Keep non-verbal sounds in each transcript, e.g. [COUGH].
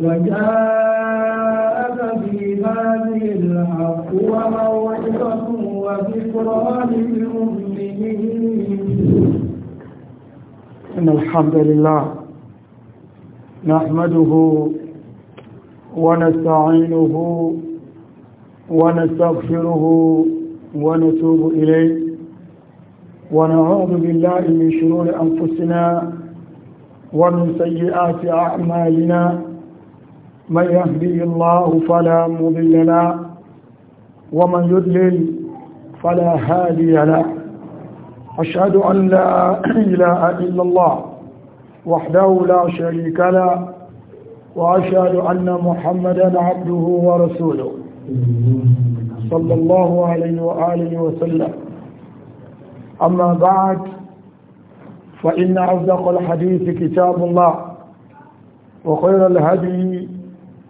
وجاءك في هذه الحق وموعظة وذكرى للمؤمنين إن الحمد لله نحمده ونستعينه ونستغفره ونتوب إليه ونعوذ بالله من شرور أنفسنا ومن سيئات أعمالنا من يهدي الله فلا مضل له ومن يضلل فلا هادي له أشهد أن لا إله إلا الله وحده لا شريك له وأشهد أن محمدا عبده ورسوله صلى الله عليه وآله وسلم أما بعد فإن أصدق الحديث كتاب الله وخير الهدي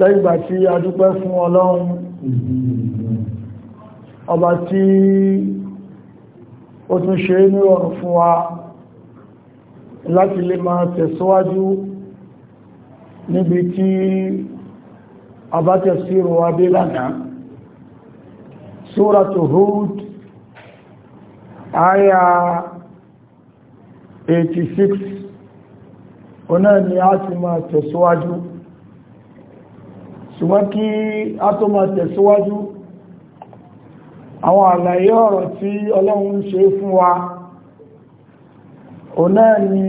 lẹ́yìn ìgbà tí a dúpẹ́ fún ọlọ́run ọba tí ó tún ṣe ní ọ̀rùn fún wa láti lè máa tẹ̀síwájú níbi tí a bá tẹ̀síwájú wa dé lánàá Suratu Hud àyà 86 ọ̀nà ni a ti máa tẹ̀síwájú ṣùgbọ́n kí a tó máa tẹ̀síwájú àwọn àlàyé ọ̀rọ̀ tí ọlọ́run ń ṣe fún wa òun náà ni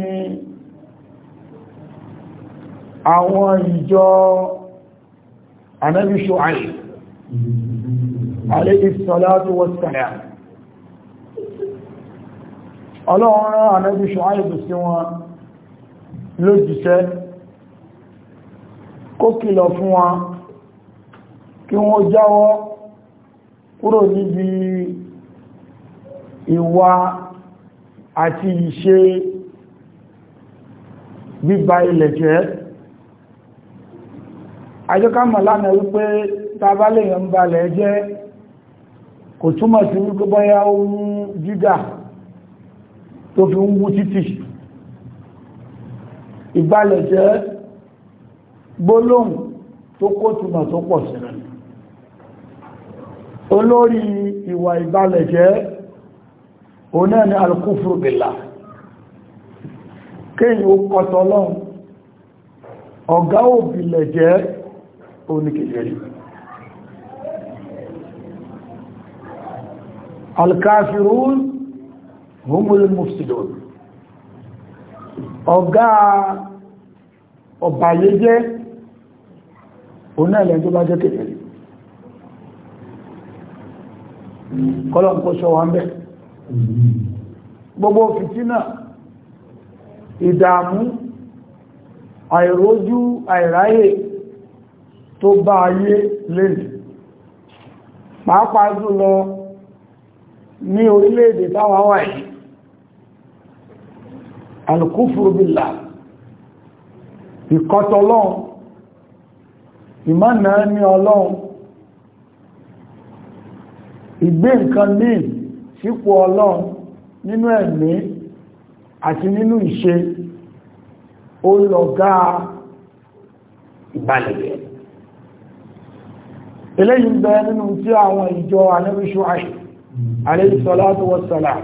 àwọn ìjọ Ànábì Ṣuaib alayhi salatu wassalam ọlọ́run rán Ànábì Ṣuaib sí wọn lójíṣẹ́ kó kìlọ̀ fún wọn kí wọ́n jáwọ́ kúrò níbi ìwà àti ìṣe bíba ilẹ̀ jẹ́ àjọ́kámọ̀ lánàá wípé tàbálẹ̀ yẹn ń balẹ̀ jẹ́ kò túmọ̀ sí wípé bọ́yá ohun jígà tó fi ń wú títì ìgbàlẹ̀ jẹ́ gbólóhùn tó kó túmọ̀ tó pọ̀ sí olórí ìwà ìbálẹ̀ jẹ́ oná ni alkúfúrú bìlá kéyìn ó kọtọ lọ́n ọ̀gá òbílẹ̀ jẹ́ oníkèjẹ́rì alkafirun humul mufsidun ọ̀gá ọ̀bàyẹ́jẹ́ oná ilẹ̀ tó bá jẹ́ kọ́lọ̀n kó ṣọ́ wọn bẹ́ gbogbo fìtínà ìdààmú àìrójú àìráyè tó bá ayé lẹ́nì pàápàá jùlọ ní orílẹ̀-èdè táwa wà yìí alkúfùrù bílà ìkọtọlọ́un ìmọ̀nà ní ọlọ́run ìgbé nǹkan míì sípò ọlọ́run nínú ẹ̀mí àti nínú ìṣe ó lọ̀gá ìbàlẹ̀gẹ̀ eléyìí bẹ nínú tí àwọn ìjọ anẹ́bíṣọ́ àṣì alayhi salatu wassalam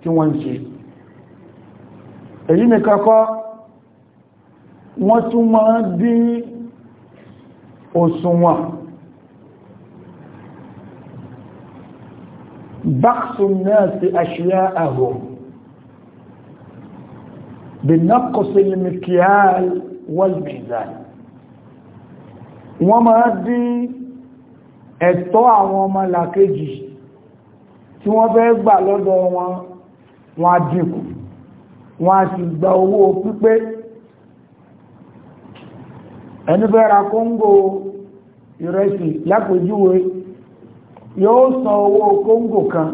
tí wọ́n ṣe èyí nìkan kọ́ wọ́n tún máa dín òṣùwọ̀n بخص الناس أشياءهم بنقص المكيال والميزان وما máa dín ẹ̀tọ́ àwọn ọmọ làkejì tí wọ́n fẹ́ gbà lọ́dọ̀ wọn wọ́n á dínkù wọ́n á gba owó pípé ẹni fẹ́ ra kóńgò ìrẹsì lápèjúwe yóò san owó kóńgò kan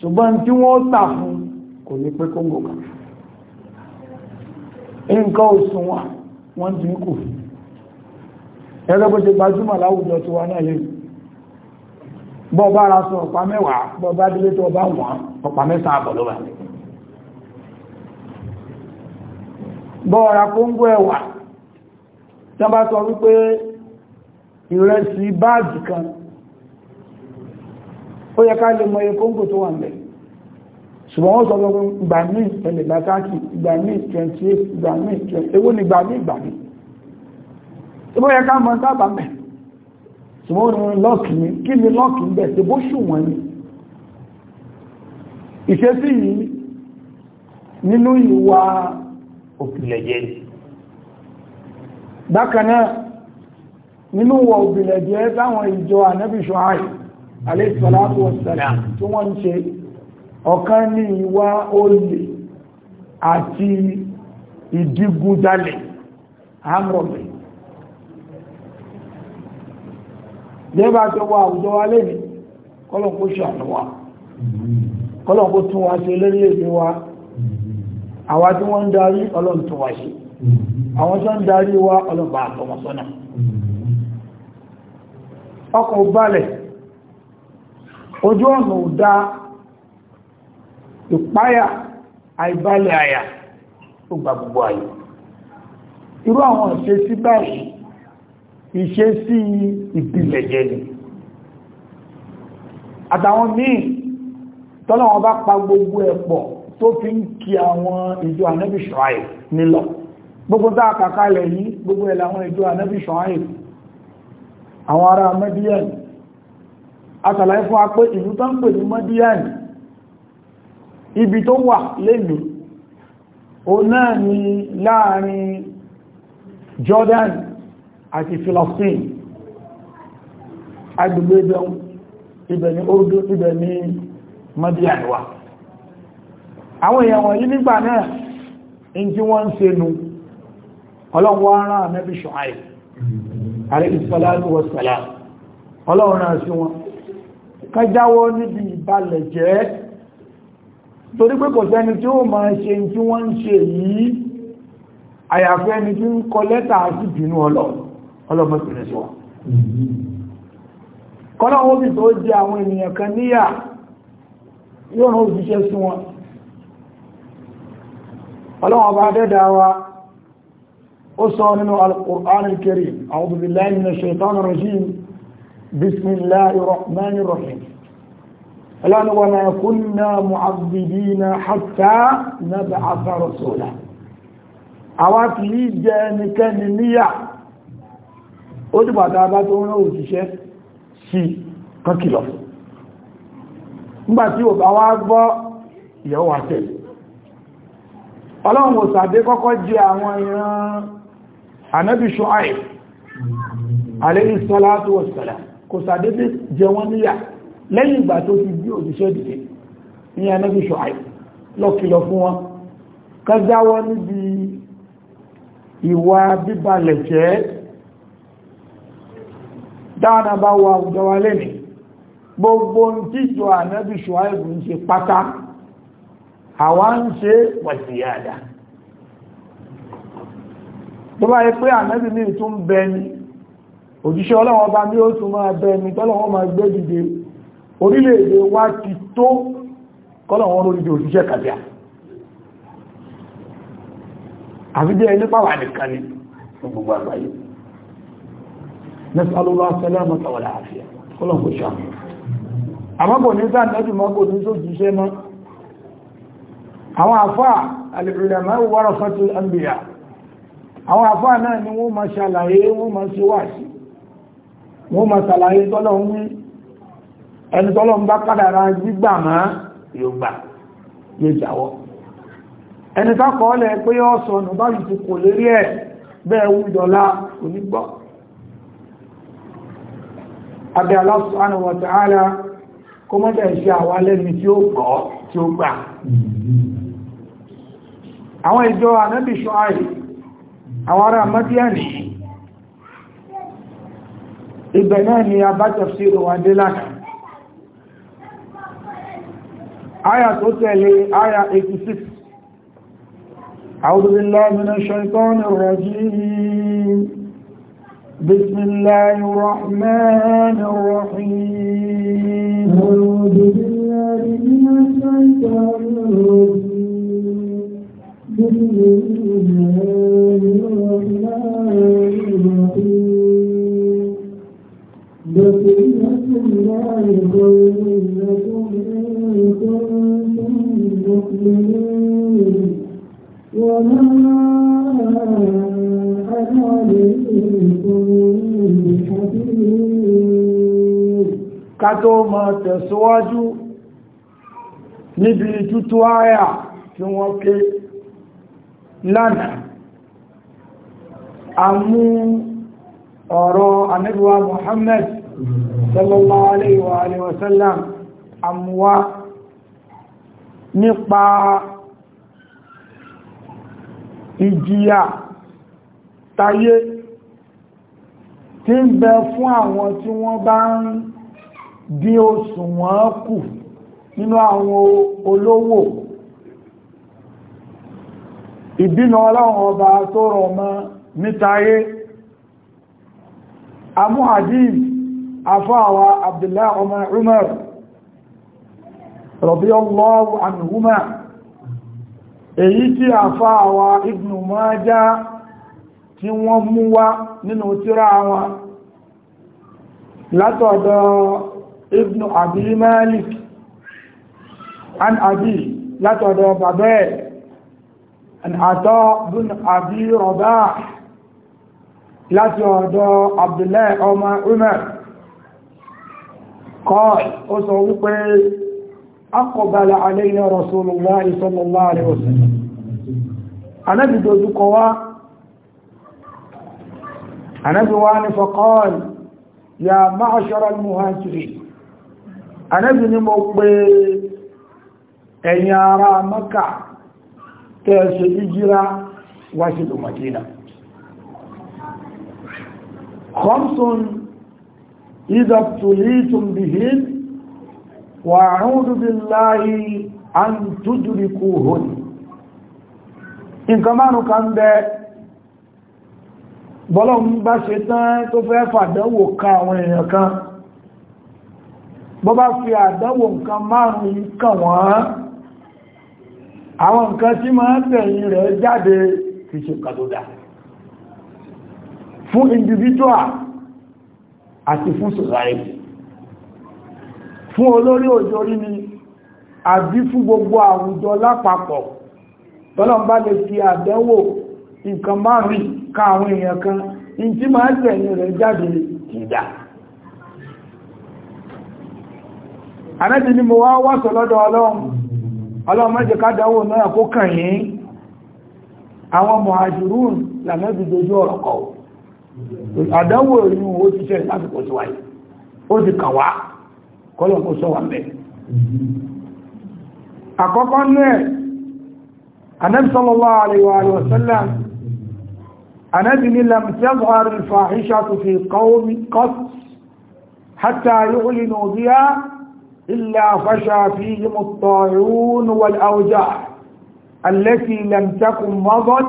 ṣùgbọ́n tí wọ́n tà fún kò ní pé kóńgò kan nǹkan òsùn wà wọ́n dín kù ẹgbẹ́ bó ṣe gbajúmọ̀ láwùjọ tí wọ́n náà lè bá ara sọ ọ̀pá mẹ́wàá bọ́ọ̀bá dílé ọba wọ́n ọ̀pá àbọ̀ ló ẹ̀wà tí wọ́n bá sọ wípé ìrẹsì kan ó yẹ ká lè mọ iye kóńgò tó wà ń bẹ̀ ṣùgbọ́n wọ́n sọ pé ìgbà míì ẹlẹ̀ látàkì ìgbà míì 28 ìgbà míì 20 ewó ni ìgbà míì ìgbà míì ó yẹ ká mọ sábà mẹ́ ṣùgbọ́n ní lọ́ọ̀kì ní kí ni lọ́ọ̀kì ń bẹ̀ ṣe bó ṣùwọ̀n ni ìṣesí yìí nínú ìwà òbìlẹ̀jẹ́ ni bákan náà nínú ìwà òbìlẹ̀jẹ́ táwọn ìjọ ànábìṣọ́ ààyè aléṣọ́láàtò ọ̀sẹ̀lẹ̀ tí wọ́n ń ṣe ọ̀kan ní ìwà olè àti ìdígunjalè amrọ̀bẹ̀ lẹ́bàá tó wà àwùjọ wa lẹ́nì kọ́lọ̀kó ṣàlọ́wà kọ́lọ̀kó tún wá ṣe lérí èdè wa àwa tí wọ́n ń darí ọlọ́ntún wá ṣe àwọn tó ń darí wa ọlọ́bàá àtọmọ̀sọ́nà ọkọ̀ balẹ̀ ojú ọ̀nà ò dá ìpáyà àìbalẹ̀ àyà ó gba gbogbo ayé irú àwọn ìṣesí báyìí ìṣesí ìbílẹ̀ jẹ́ ni àtàwọn míì tọ́lọ́wọ́n bá pa gbogbo ẹ̀pọ̀ tó fi ń kí àwọn ìjọ ànábì Ṣuaib nílọ gbogbo tá a kàkálẹ̀ yìí gbogbo ẹ̀ làwọn ìjọ ànábì àwọn ará mẹ́díẹ̀nì àtàlàyé fún apé ìlú tó ń pè ní mọ́díyàní ibi tó wà lèlú o náà ni láàrin Jordan àti Philistine agbègbè ìbẹ̀un ibẹ̀ ni ordu ibẹ̀ ni mọ́díyàní wà àwọn èèyàn wọ̀nyí nígbà náà in tí wọ́n ń ṣe nù ọlọ́wọ́ ara Ànábì Ṣuaib alayhi salatu náà sí wọn kájáwọ́ níbi ìbalẹ̀ jẹ́ torí pé kò sẹ́ni tí ó máa ṣe tí wọ́n ń ṣe yìí àyàfẹ́ ni tí ń kọ lẹ́tà sí bínú ọlọ́mọbìnrin sọ kọ́nà wọ́n bí tó jẹ àwọn ènìyàn kan al-Qur'an al-Karim a'udhu billahi minash shaitanir rajim بسم الله الرحمن الرحيم الآن وما كنا معذبين حتى نبعث رسولا أواتي جانك نية أدبع داباتون وتشف سي قكلف nígbàtí ò bá wá gbọ́ ìyẹ̀wò àtẹ̀lẹ̀ ọlọ́run ò sàdé kọ́kọ́ jẹ àwọn ìran ànábì Ṣuaib alayhi salatu wassalam kò sàdédé jẹ wọ́n níyà lẹ́yìn ìgbà tó ti bí òṣìṣẹ́ dìde ní anábì ṣọ́àì lọ́kìlọ̀ fún wọn kájáwọ́ níbi ìwà bíbalẹ̀ jẹ́ dáadáa bá wà àwùjọ wa lẹ́nì gbogbo tíjọ anábì ṣọ́àì ń ṣe pátá àwa ń ṣe wàsíyàdá tó bá yẹ pé anábì ní ìtún bẹni òjíṣẹ́ ọlọ́wọ́ bá ní ó tún máa bẹ ẹni tọ́lọ́wọ́ máa gbé dìde orílẹ̀-èdè wa ti tó kọ́lọ̀wọ́n lórí di òjíṣẹ́ kàbíà àfíjẹ́ ilé pàwà nìkan ní gbogbo àgbáyé nẹ́sàlọ́lọ́ sẹ́lẹ̀mọ́ tàwàlà àfíà kọ́lọ̀wọ́ sàmù àmọ́bò ní sáà nẹ́jù mọ́gbò ní sójíṣẹ́ mọ́ àwọn àfáà alìrìnàmọ́ wọ́rọ̀ fẹ́tù àmbìyà náà ni wọ́n máa ṣàlàyé wọ́n máa ṣe wáṣìí wọ́n máa ṣàlàyé tọ́lọ̀ ń ẹni tọ́lọ̀ ń bá kádàrá gbígbà yóò gbà yóò ẹni tákọọ́lẹ̀ pé ó sọnù báyìí ti kò lérí ẹ̀ bẹ́ẹ̀ wú dọ́lá onígbọ́ abẹ́ Allah àwọn ibẹ̀ náà ni a bá tafsir wa dé lánàá aya tó tẹ̀lé aya 86 أعوذ بالله من الشيطان الرجيم بسم الله الرحمن الرحيم أعوذ بالله من الشيطان الرجيم بسم الله بقية الله خير لكم إن كنتم مؤمنين وما tẹ̀síwájú níbi tútú tí wọ́n ké a mú ọ̀rọ̀ Muhammad sallallahu alayhi wa alayhi wa sallam àmúwá nípa ìjìyà tayé tí ń bẹ fún àwọn tí wọ́n bá ń dín òṣùwọ̀n kù nínú àwọn olówó ìbínú ọlọ́run ọba tó rọ̀ mọ́ nítayé amúhàdíìsì afọ́wà abdullahi ọmọ umar radiyallahu anhuma èyí tí afọ́wà ibn Majah tí wọ́n mú wá nínú tírà wọn látọ̀dọ̀ ibn abi malik an abi látọ̀dọ̀ babẹ́ an àtọ́ bin abi rabah láti قال أسعوك أقبل علينا رسول الله صلى الله عليه وسلم أنا بدو قوى أنا بواني فقال يا معشر المهاجرين أنا بني مقبل أن يرى مكة تأسي إجراء واسد مدينة خمس إذا ابتليتم بهن وأعوذ بالله أن تدركوهن إن كمان كان ده bọ́lọ́run bá ṣe tán tó fẹ́ fàdánwò kan àwọn èèyàn kan bọ́ bá fi àdánwò nǹkan márùn-ún kàn wọ́n àwọn nǹkan tí máa ń tẹ̀yìn rẹ̀ jáde fi ṣe kàtòdà fún individual àti fún society fún olórí òjò orí ni àbí fún gbogbo àwùjọ lápapọ̀ tọ́lọ́n bá lè fi àdánwò nǹkan márùn ká àwọn èèyàn kan in tí máa ń tẹ̀yìn rẹ̀ jáde ìdá àrẹ́bì ni mo wá wọ́sọ̀ lọ́dọ̀ ọlọ́run ọlọ́run má jẹ́ ká dánwò náà kó kàn yín àwọn mọ̀hajirun làmẹ́bì dojú ọ̀rọ̀ kọ̀ọ̀ àdánwò ìlú ó ti ṣẹlẹ̀ lásìkò tí wáyé ó ti kàn wá kọ́lọ̀ kó sọ wà mẹ́ àkọ́kọ́ náà Ànábì sallallahu alaihi wa sallam Ànábì ní lam tazhar al-fahishatu fi qawmin qat hatta yu'linu biha illa fasha fihim at-ta'un wal-awja' allati lam takun madat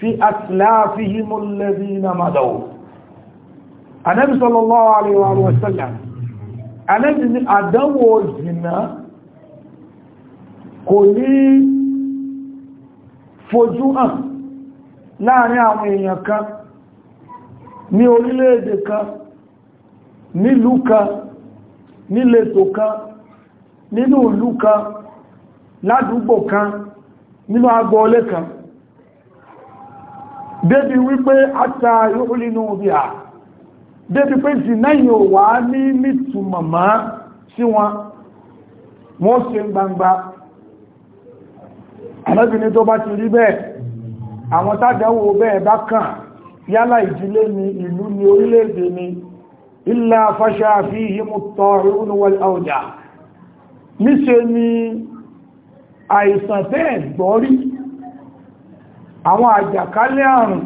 fi aslafihim alladhina madaw anabi sallallahu alaihi wa sallam anabi ni àdánwò zina kò ní laarin awon eyan àwọn èèyàn kan ní orílẹ̀-èdè kan nílùú kan ka kan nínú ìlú kan ka kan nínú agboolé kan débi wípé àtà ìhúlínú bí a débi pé zina yóò wà ní nítùmọ̀mọ́ sí wọn wọ́n ṣe gbangba alábìnrin tó bá ti rí bẹ́ẹ̀ àwọn tàjáwò bẹ́ẹ̀ bá kàn yálà ìdílé ni ìlú ni orílẹ̀-èdè ni ilá fàṣà fi ìhìmú tọrọ oníwọlé àwọn àjàkálẹ̀ àrùn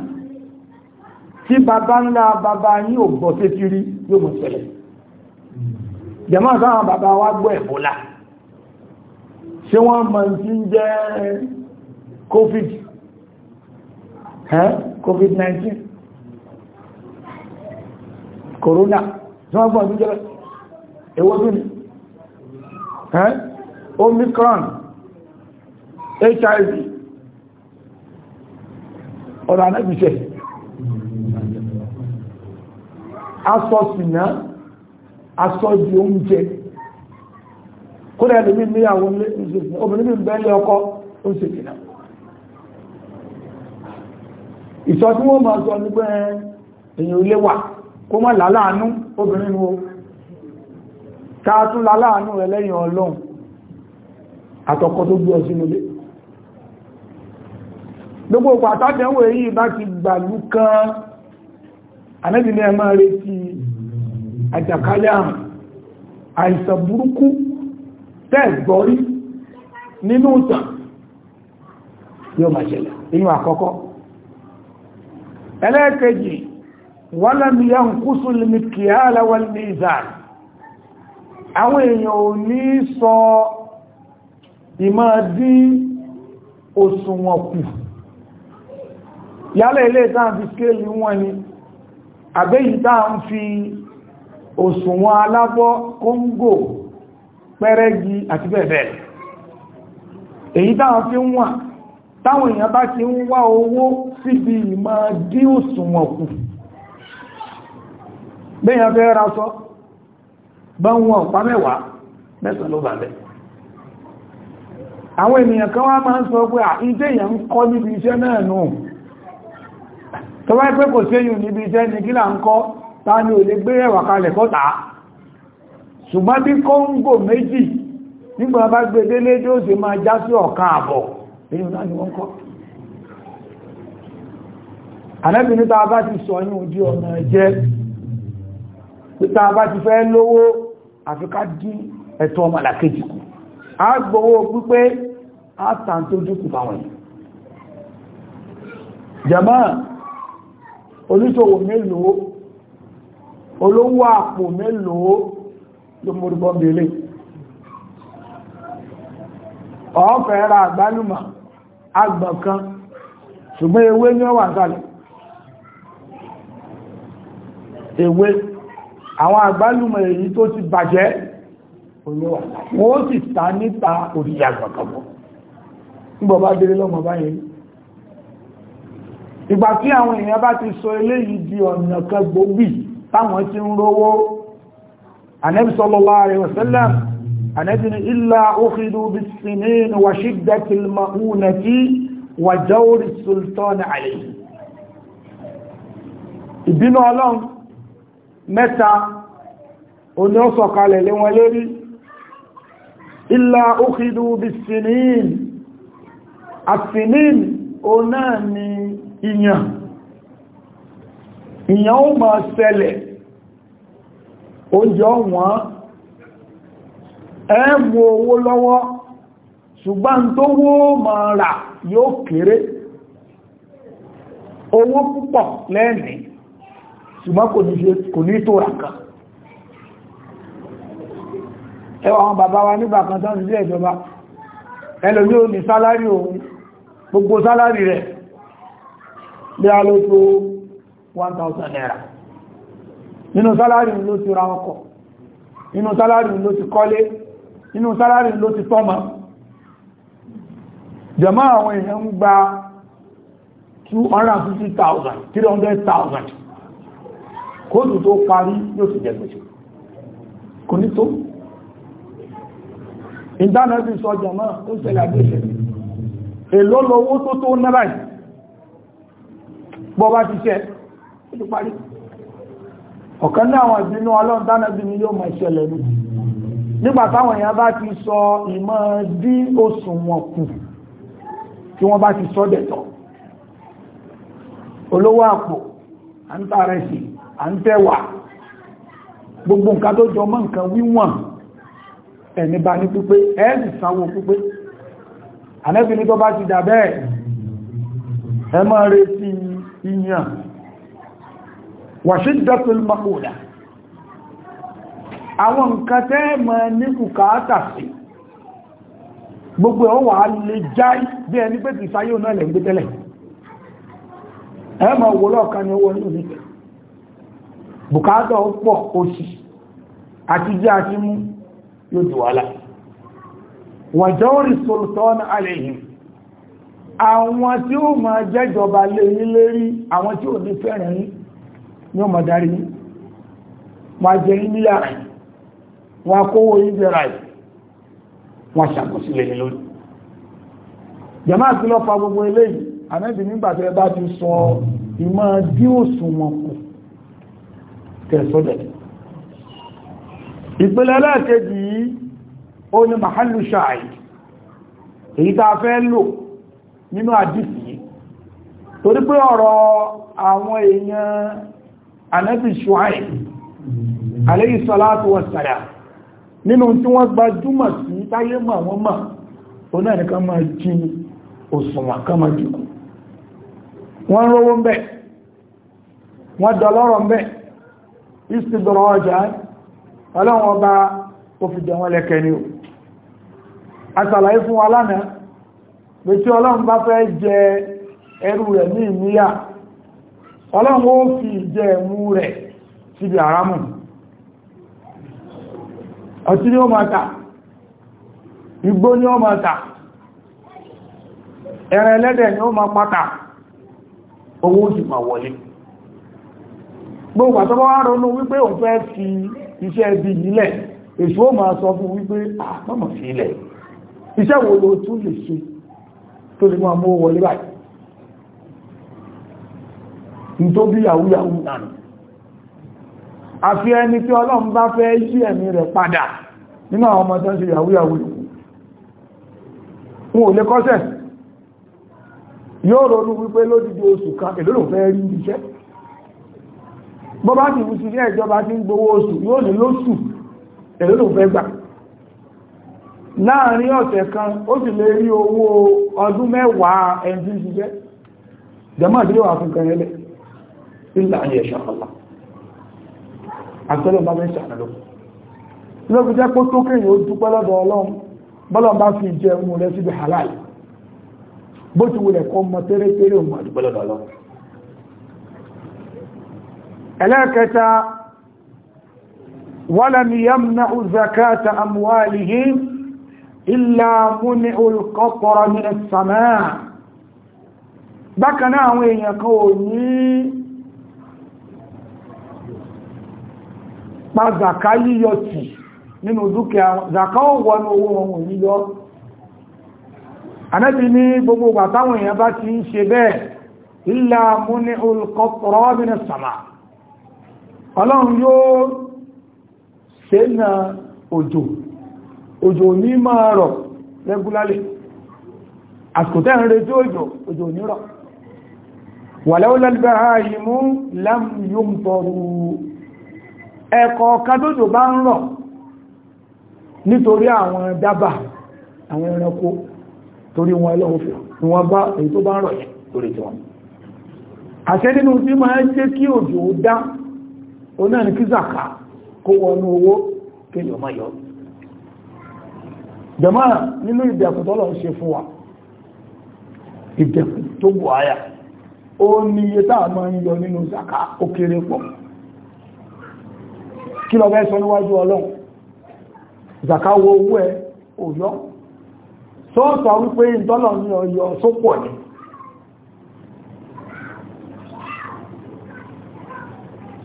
tí bàbá ńlá bàbá yí ò gbọ́ sí ti rí yóò mọ̀ ṣẹlẹ̀ jẹ́mọ́ sáwọn bàbá wa gbọ́ ẹ̀bọ́lá ṣé wọ́n mọ̀ tí ń jẹ́ covid 19 corona tí wọ́n gbọ́ tí ń jẹ́ ewó tí omicron hiv ọ̀rọ̀ anábìṣẹ́ asọ́sìnà asọ́dì oúnjẹ kódà ẹlòmí ní àwọn obìnrin bí bẹ́ẹ̀lẹ̀ ọkọ ó sì kìnnà ìṣọ́ tí wọ́n máa sọ nígbẹ́ èyàn ilé wà kó mọ́ láláàánú obìnrin wo káàtún láláàánú rẹ̀ lẹ́yìn ọlọ́run àtọkọ tó gbé sínú ilé gbogbo pàtàkẹ́wò èyí bá ti gbàlú kan anẹ́bìnrin ẹ̀mọ́ ti àjàkálẹ̀ àrùn àìsàn burúkú nínú ìtàn yóò máa ṣẹlẹ̀ inú àkọ́kọ́ ẹlẹ́ẹ̀kejì wọ́n lẹ́nu lèmi kìí àlẹ́wọ́ ní ìzáàrì àwọn yálẹ̀ ilé ìta fi skéèlì ni àbẹ́yìí ta fi òṣùwọ̀n alábọ́ kóngò pẹ́rẹ́gi àti bẹ́ẹ̀bẹ́ẹ̀ èyí ta fi ń wà táwọn èèyàn bá ti ń wá owó síbi ìmọ̀ dí òṣùwọ̀n kù bẹ́yàn fẹ́ ra sọ bá ń pa mẹ́wàá mẹ́sàn ló bàbẹ́ àwọn kan wá máa ń sọ pé à ń kọ́ níbi iṣẹ́ náà tó wáyé pé kò séyùn níbi iṣẹ́ ní kí là ń kọ́ ta ni ò lè gbé ẹ̀wà kalẹ̀ kọ́ta ṣùgbọ́n bí kóńgò méjì nígbà bá gbé délé tí ó sì máa já sí ọ̀kan àbọ̀ èyí náà ni wọ́n kọ́ àlẹ́bìnrin tá a bá ti sọ ní ojú ọ̀nà ẹ̀jẹ́ tá a bá ti fẹ́ lówó àfi ká dín oníṣòwò mélòó olówó àpò mélòó ló mú orúkọ bèèrè ọ̀ọ́fẹ́ ra àgbálùmọ̀ agbọ̀n kan ṣùgbọ́n ewé ní ọwà sálẹ̀ ewé àwọn àgbálùmọ̀ èyí tó ti bàjẹ́ olówà wọ́n sì ta níta òrìyàgbọ̀n kan bọ̀ ń bọ̀ bá délé lọ́mọ báyìí ìgbà tí àwọn èèyàn bá ti sọ eléyìí di ọ̀nà kan gbòógì táwọn ti ń rówó Ànábì sallallahu alaihi wasallam Ànábì ní illa ukhidu bis-sinin wa shiddati al-ma'unati wa jawri sultan alayhi ìbínú ọlọ́run ni ìyàn ìyàn ó máa ṣẹlẹ̀ oúnjẹ ọ̀wọ́n ẹ̀mù owó lọ́wọ́ ṣùgbọ́n tó wó máa rà yóò kéré owó púpọ̀ lẹ́ẹ̀ni ṣùgbọ́n kò ní tó rà kan ẹwà àwọn bàbá wa nígbà kan tán sí ìjọba ẹlòmí ò ní sálárì òun gbogbo sálárì rẹ̀ bí a ló tó 1000 naira nínú sálárì ló ti ra ọkọ̀ nínú sálárì ló ti kọ́lé nínú sálárì ló ti tọ́mọ jẹ̀mọ́ àwọn èèyàn ń gba 250,000 300,000 kóòtù tó parí yóò sì jẹ gbèsè kò ní tó ìdánẹ́bí sọ jẹ̀mọ́ ó ṣẹlẹ̀ àgbèsè èlò lówó tó tó náírà bọ́bá ti ṣẹ́ ó ti parí ọ̀kan ní àwọn ìbínú ọlọ́run tánàbí ni yóò mọ̀ ìṣẹ̀lẹ̀ ní nígbà táwọn èèyàn bá ti sọ ìmọ̀ dí òṣùwọ̀n kù tí wọ́n bá ti sọ dẹ̀tọ̀ olówó àpò à ń tààrẹ sí à ń gbogbo nǹkan tó jọ mọ́ nǹkan wíwọ̀n ẹni bá ní pípé ẹ̀ẹ́sì sanwó pípé ànẹ́bìnrin tó bá ti dà bẹ́ẹ̀ ẹ máa retí ìyàn wàṣídọ́tún makódà àwọn nǹkan tẹ́ mọ̀ ní bùkátà sí gbogbo ẹ̀ wà lè jáì bí ẹni pé ti sáyé náà lẹ̀ ń gbé tẹ́lẹ̀ ẹ̀mọ̀ wò lọ́ọ̀kan ni owó inú ní bùkátà pọ̀ òṣì àti jẹ́ àti mú yóò dùwálà wàjọ́ rí sọ́lọ́tọ́ ní alẹ́ yìí àwọn tí ó máa jẹ́jọba lé yín lérí àwọn tí ò ní fẹ́ràn yín ni ó máa darí yín wọ́n jẹ yín níyà rẹ̀ wọ́n kówó yín jẹrà rẹ̀ wọ́n ṣàkóso lè lórí jẹ́mọ́ àti lọ fa gbogbo eléyìí àmẹ́bì nígbà tẹ́ bá ti sọ ìmọ̀ dí òṣùwọ̀n kù tẹ̀sọ́dẹ̀ ìpínlẹ̀ ẹlẹ́ẹ̀kejì yìí ó ní mahalusha èyí tá a fẹ́ nínú àdìsí yìí torí pé ọ̀rọ̀ àwọn èèyàn anábì ṣùháì alayhi salatu wassalam nínú tí wọ́n gbajúmọ̀ sí táyé mọ̀ wọ́n mọ̀ ó náà ní ká máa jí òṣùwọ̀n ká máa jùkú wọ́n rówó ń bẹ̀ wọ́n dọlọ́rọ̀ ń ìsìdọ̀rọ̀ ọjà ọlọ́wọ́n bá ó ni ó asàlàyé fún wa lánàá pé ọlọ́run bá fẹ́ jẹ ẹrú rẹ̀ ní ìníyà ọlọ́run ó fi jẹ ẹ̀mú rẹ̀ síbi àrámù ọtí ni ó máa tà igbó ni ó máa tà ẹ̀rẹ̀ ẹlẹ́dẹ̀ ni ó máa pátà owó si máa wọlé gbogbo àtọ́bọ́ wípé fi iṣẹ́ èṣù ó máa sọ fún wípé àpọ́mọ̀ ah, sí wo tún lè tó lè máa mọ́ wọlé báyìí tó bí yàwúyàwú nànà àfi ẹni tí ọlọ́run bá fẹ́ yí ẹ̀mí rẹ̀ padà nínú àwọn ọmọ tó ń ṣe yàwúyàwú wọn ò lè kọ́sẹ̀ yóò ronú wípé lódìdí oṣù kan èlò ló fẹ́ rí iṣẹ́ bọ́bá ti wù sí ní ẹ̀jọba tí ń gbowó oṣù yóò ní lóṣù èlò ló fẹ́ gbà láàrin ọ̀sẹ̀ kan ó sì lè rí owó ọdún mẹ́wàá ẹni ṣiṣẹ́ jama tí ó fún kẹrẹlẹ̀ ilẹ̀ ayé ṣàkọlá àtọ́lọ̀ bá mẹ́sàn lọ lọ́gbẹ́ jẹ́ kó tó kéyìn dúpẹ́ lọ́dọ̀ ọlọ́run bọ́lọ̀ fi je bụ إلا منع القطر من السماء بكنا وين يقولني ما زكا يوتي nínú dúkìá zàkà ọ̀wọ̀ ní owó ohun yíyọ́ anábi ní gbogbo àtàwọn èèyàn bá ti ń ṣe bẹ́ẹ̀ illa múni olùkọ́pọ̀rọ̀ mínú sàmà òjò ní máa rọ̀ regularly àsìkò tẹ́ ń retí òjò òjò ní rọ̀ wàlẹ́ olálùbára ìmú lam yumtaru ẹ̀kọ̀ kadójò bá ń rọ̀ nítorí àwọn dábà àwọn ẹranko torí wọn ẹlọ́wọ́ fi wọn bá èyí tó bá ń rọ̀ yẹn torí tí wọn àṣẹ jama nínú ìdẹ̀kùn tọ́lọ̀ ń ṣe fún wa ìdẹ̀kùn tó bù àyà ó ní iye táà máa ń yọ nínú zaka ó kéré pọ̀ kí lọ bẹ́ sọ níwájú ọlọ́run zaka wo owó ẹ òyọ́ sọ́ọ̀sọ̀ wípé ìtọ́lọ̀ ní ọyọ sópọ̀ ní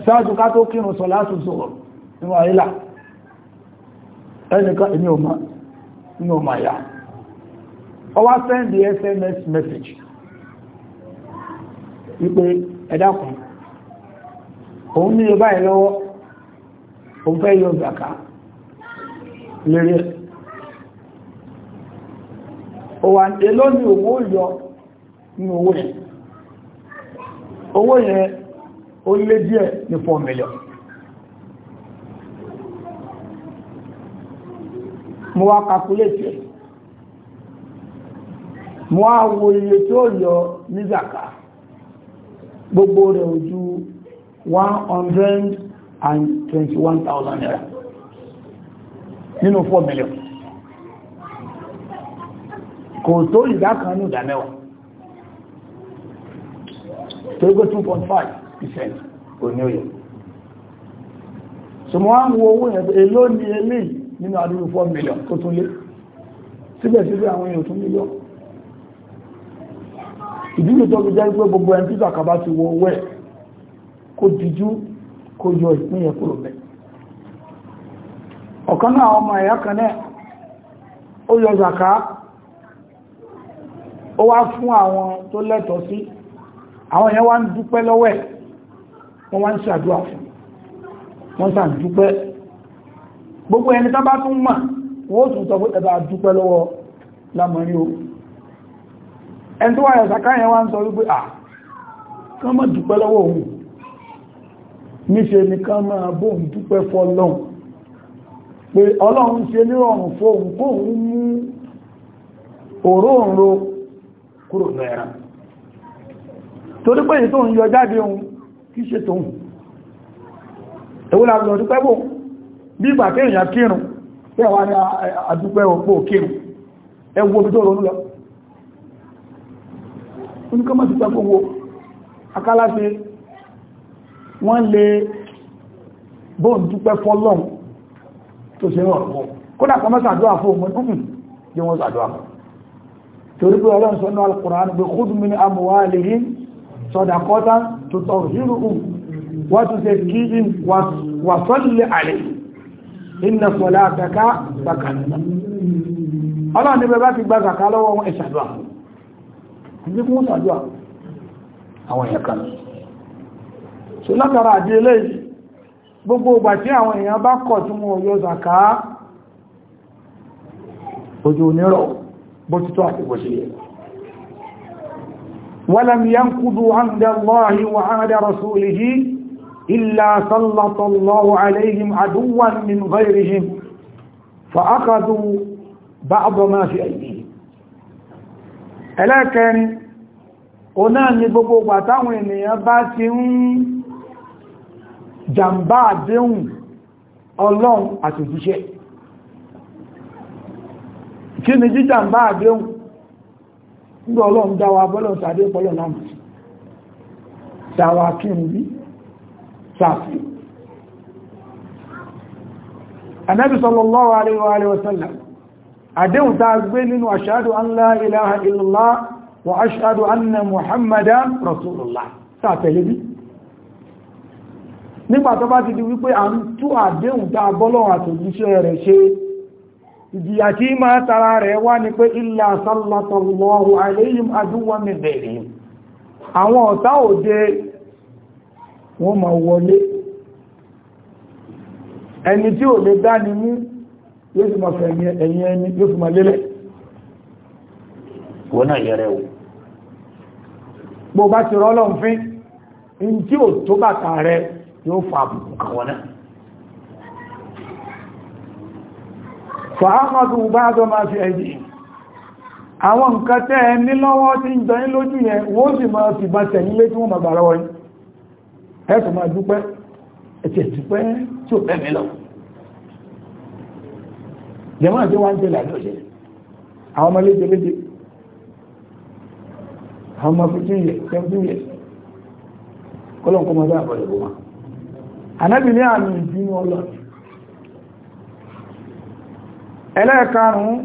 sáájú ká tó kírun sọ látúnṣọ́ ẹnìkan èmi ò nínú ọmọ ya send the sms message wípé ẹ̀dàkùn òun ní ọba ẹ̀ òun fẹ́ yọ zaka lere ẹ̀ èlò ní owó yọ nínú owó yẹn owó yẹn ó lé díẹ̀ ní 4 million mo wá kakuléètì ẹ̀ mo wá wo iye tí ó yọ ní zaka gbogbo rẹ̀ ò ju one hundred and twenty one thousand naira nínú four million kò tó ìdá kan ní ìdá mẹ́wàá tó gbé two point five percent kò ní òye so mo wá ń wo owó yẹn èló ni eléyìí nínú àdúrú 4 million tó tún lé síbẹ̀síbẹ̀ àwọn èèyàn tún mílíọ̀n ìdílé tó fi jẹ́ pé gbogbo ẹni tí sàkàbá ti wọ owó ẹ̀ kó dijú kó yọ ìpín yẹn kúrò bẹ̀ ọ̀kan náà ọmọ ẹ̀yà kan náà ó yọ zàká ó wá fún àwọn tó lẹ́tọ̀ọ́ sí àwọn yẹn wá ń dúpẹ́ lọ́wọ́ ẹ̀ wọ́n wá ń ṣàdúrà fún wọ́n sàn dúpẹ́ gbogbo ẹni tó bá tún mọ̀ wọ́n tún sọ pé ẹ̀bà dúpẹ́ lọ́wọ́ lámọ̀rí o ẹni tó wà yẹ̀ sàkáyẹ̀ wá ń sọ wípé à kán mọ̀ dúpẹ́ lọ́wọ́ òun níṣẹ́ ni kán máa bóun dúpẹ́ fọ́lọ́un pé ọlọ́run ṣe nírọ̀rùn fóun kóun mú òróǹro kúrò lẹ́ran torí pé èyí tó ń yọ jáde òun kí bí ìgbà tí èèyàn kírun tẹ́wà ní àdúgbẹ́ òpó kírun ẹwọ omi tó ronú lọ oníkọ́ mọ́ sí pẹ́kọ́wọ́ akálásí wọ́n lè bóòn dúpẹ́ fọ́lọ́n tó ṣe rọ̀ kódà kọmọ́ sàdúwà fún òun ọdún jẹ́ wọ́n sàdúwà torí pé ọlọ́run sọ́nà al-Qur'an bí khudh min amwalihim sadaqatan tutahhiruhum wa inna sọ̀lá àtẹ́ká gbàkà ọlọ́run ní bẹ́bá ti gba zàká lọ́wọ́ wọn ìṣàdúà ní fún ìṣàdúà àwọn èèyàn kan so látara àdí eléyìí gbogbo ìgbà tí àwọn èèyàn bá kọ̀ yọ zàká ojú onírọ̀ bó ti tó àti إلا سلط الله عليهم عدوا من غيرهم فأخذوا بعض ما في أيديهم ẹlẹ́kẹrin o náà ni gbogbo pàtàwọn ènìyàn bá ti ń jàmbá àdéhùn ọlọ́run àti òjíṣẹ́ kí ni jíjàmbá àdéhùn ní ọlọ́run dáwà bọ́lọ̀ sàdé pọ́lọ̀ láàmù sàwà kí n rí ṣáàfì anábi sallallahu alaihi wa sallam àdéhùn ta gbé nínú aṣáàdù an la ilaha illallah wa aṣáàdù anna muhammadan rasulullah ṣáàfẹ́lẹ́ bí nígbà tó bá ti di wípé à ń tú àdéhùn ta bọ́lọ́wọ́ àtòjíṣẹ́ rẹ̀ ṣe ìjìyà tí máa tara rẹ̀ wá ní pé illa sallallahu alaihim adúwọ́ àwọn ọ̀tá òde wọ́n máa wọlé ẹni tí ò lè dáni mú yóò sì máa fẹ́ ẹ̀yìn ẹni yóò fi máa lélẹ̀ wọ́n náà yẹrẹ o bó bá ti rọ́lọ́ fín in tí ò tó bàtà rẹ yóò fa àwọn náà fàámàdù bá jọ máa fi ẹ̀dì àwọn nǹkan tẹ́ ẹ ní tí ń jọ ní lójú yẹn wọ́n sì máa fi bá tẹ̀yìn lé tí wọ́n máa gbà lọ́wọ́ yìí ẹ̀sùn máa dúpẹ́ ẹ̀tẹ̀ dúpẹ́ tí ò pẹ́ mi lọ jẹ́mọ́ àti wọ́n ń tẹ̀lé àjọṣẹ́ àwọn ọmọ léje léje àwọn ọmọ fifteen years seventeen years kọ́lọ́n kọ́ máa bá àbọ̀lẹ̀ bọ́ wọn ní àmì ìbínú ọlọ́ ẹlẹ́ẹ̀karùn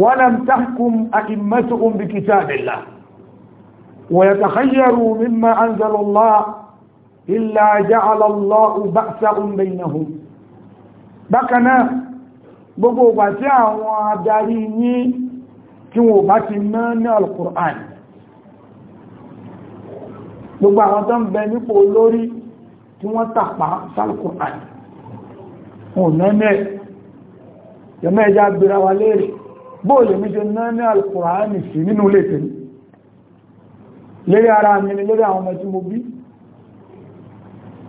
wọ́n lẹ́m tákùn àìmẹ́tùkùn bí kìtàbílà ويتخيروا مما أنزل الله إلا جعل الله بأسهم بينهم بكنا gbogbo ọgbà tí àwọn adarí ní tí wọ́n bá ti mẹ́ ní al-Qur'an gbogbo àwọn tó ń bẹ nípò olórí tí wọ́n tàpá sal-Qur'an wọn mẹ́mẹ́ yẹmẹ́ ẹjá wa léèrè bóòlù mi ṣe mẹ́ ní al sí nínú lè lórí ara mi ni lórí àwọn ọmọ mo bí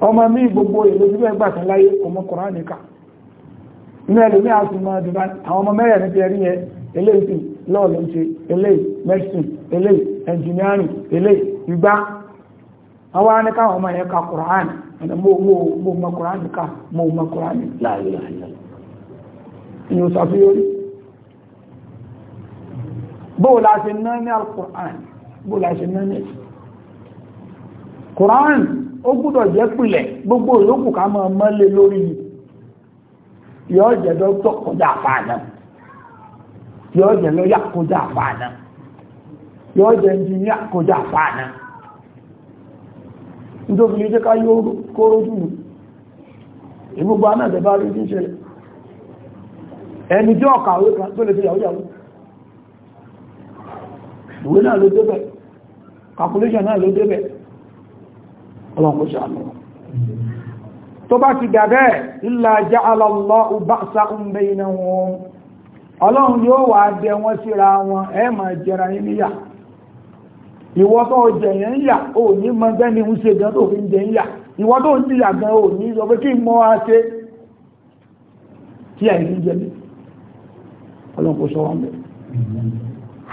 ọmọ mi gbogbo èlò tí láyé kò mọ Kùránì nìkan inú ẹlòmí àtúmọ̀ àwọn ọmọ mẹ́rẹ̀ níbi ẹ̀rí eletri eléyìí lọ́ọ̀ ló ń ṣe eléyìí medicine eléyìí ma ka al bó la ṣe mẹ́nẹ́sì ó gbúdọ̀ jẹ́ pìlẹ̀ gbogbo ìlókù ká máa mọ́lé lórí yọ́ jẹ́ dókítọ̀ kọjá rí ní ṣẹlẹ̀ ẹni tí ọ̀kàwé kan tó lè fi yàwó yàwó ìwé calculation náà ló débẹ̀ ọlọ́pọ̀ ṣàánú tó bá ti gàbẹ́ illa ja'ala Allahu ba'sahum baynahum ọlọ́run yóò wà dẹ wọn síra wọn ẹ jẹra yín níyà tó yà ní mọ bẹ́ni ń ṣe gan tó fi ń jẹ yà tó ń gan ní sọ pé kí sọ wọn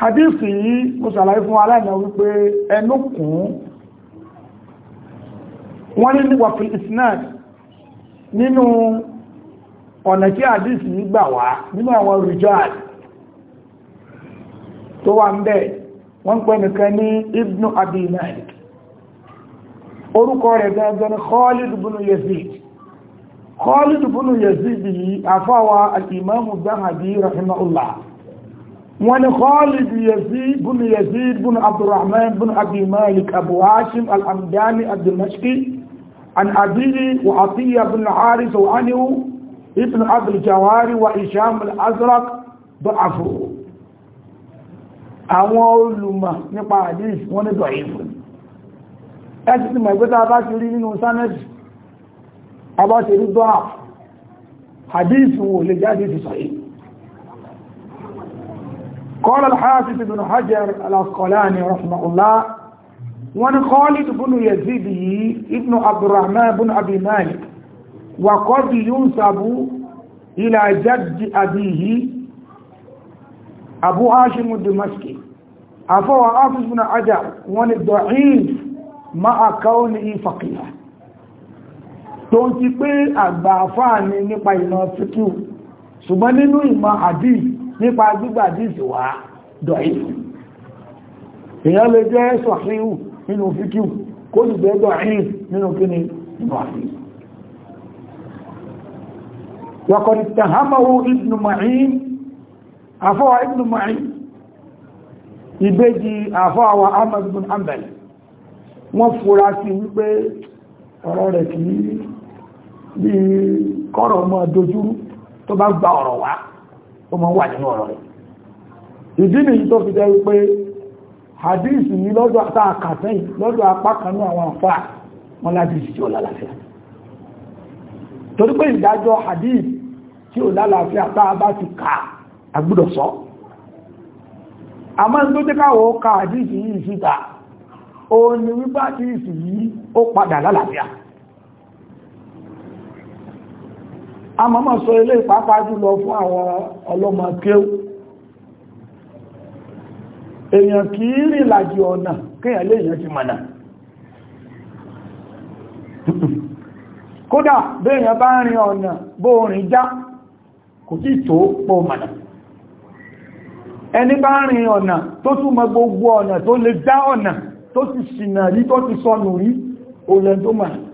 hadith yìí mo ṣàlàyé fún aláìná wípé ẹnu kún wọ́n ní wà fi isnad nínú ọ̀nà tí hadith yìí gbà wá nínú àwọn rijal tó wà ń bẹ̀ wọ́n pẹ́ nìkan ní ibnu abi orúkọ rẹ̀ gẹ́gẹ́ ní khalid bin yazid rahimahullah من خالد يزيد بن يزيد بن عبد الرحمن بن أبي مالك أبو هاشم الحمداني الدمشقي عن أبيه وعطية بن عارس وعنه ابن عبد الجواري وإشام الأزرق ضعفه أول ما nípa àdíṣ ونضعيف أجل ما fún أبا ti mọ̀ ìgbẹ́ta bá ti rí nínú sánẹ́tì قال الحافظ بن حجر العسقلاني رحمه الله وان خالد بن يزيد ابن عبد الرحمن بن أبي مالك وقد ينسب إلى جد أبيه أبو هاشم الدمشقي أفوى حافظ بن حجر وان الضعيف مع كونه فقيه tó ń ti pé àgbà àfáà ni nípa ìmọ̀ fíkíù ṣùgbọ́n nípa gbígbà díìsì wá dọ̀í èyàn lè jẹ́ sọ̀híhù nínú fíkíù kó sì jẹ́ dọ̀í nínú kíni nínú àfi wàkọ̀dì tàhámàwó ibn Ma'in afọ́wà ibn Ma'in ìbejì àfọ́wà Ahmad ibn Hanbal wọ́n fura sí wípé ọ̀rọ̀ rẹ̀ kìí bí kọ́rọ̀ mọ́ dojúrú tó bá gba ọ̀rọ̀ wá ó mọ́ wà nínú ọ̀rọ̀ rẹ̀ ìdí nìyí tó fi jẹ́ wípé hadith ní lọ́dọ̀ àtàkàtẹ́yìn lọ́dọ̀ apá kan ní àwọn àfà wọn láti ìsìtì ò lálàáfíà torí pé ìdájọ́ hadith tí ò lálàáfíà tá a bá ti kà àgbúdọ̀ sọ àmọ́ tó jẹ́káwọ́ ka hadith yìí síta òun ni wípé hadith yìí ó padà lálàáfíà a mọ́mọ́ sọ ilé pàápàá jùlọ fún àwọn ọlọ́mọ kéw èèyàn kì í rí ìlàjì ọ̀nà kéèyàn lè èèyàn ti mọ̀nà kódà bí èèyàn bá rin ọ̀nà bó rìn já kò tí tó pọ̀ mọ̀nà ẹni bá rin ọ̀nà tó túnmọ̀ gbogbo ọ̀nà tó lè já ọ̀nà tó ti ṣìnà rí tó ti sọnù rí olè tó mọ̀nà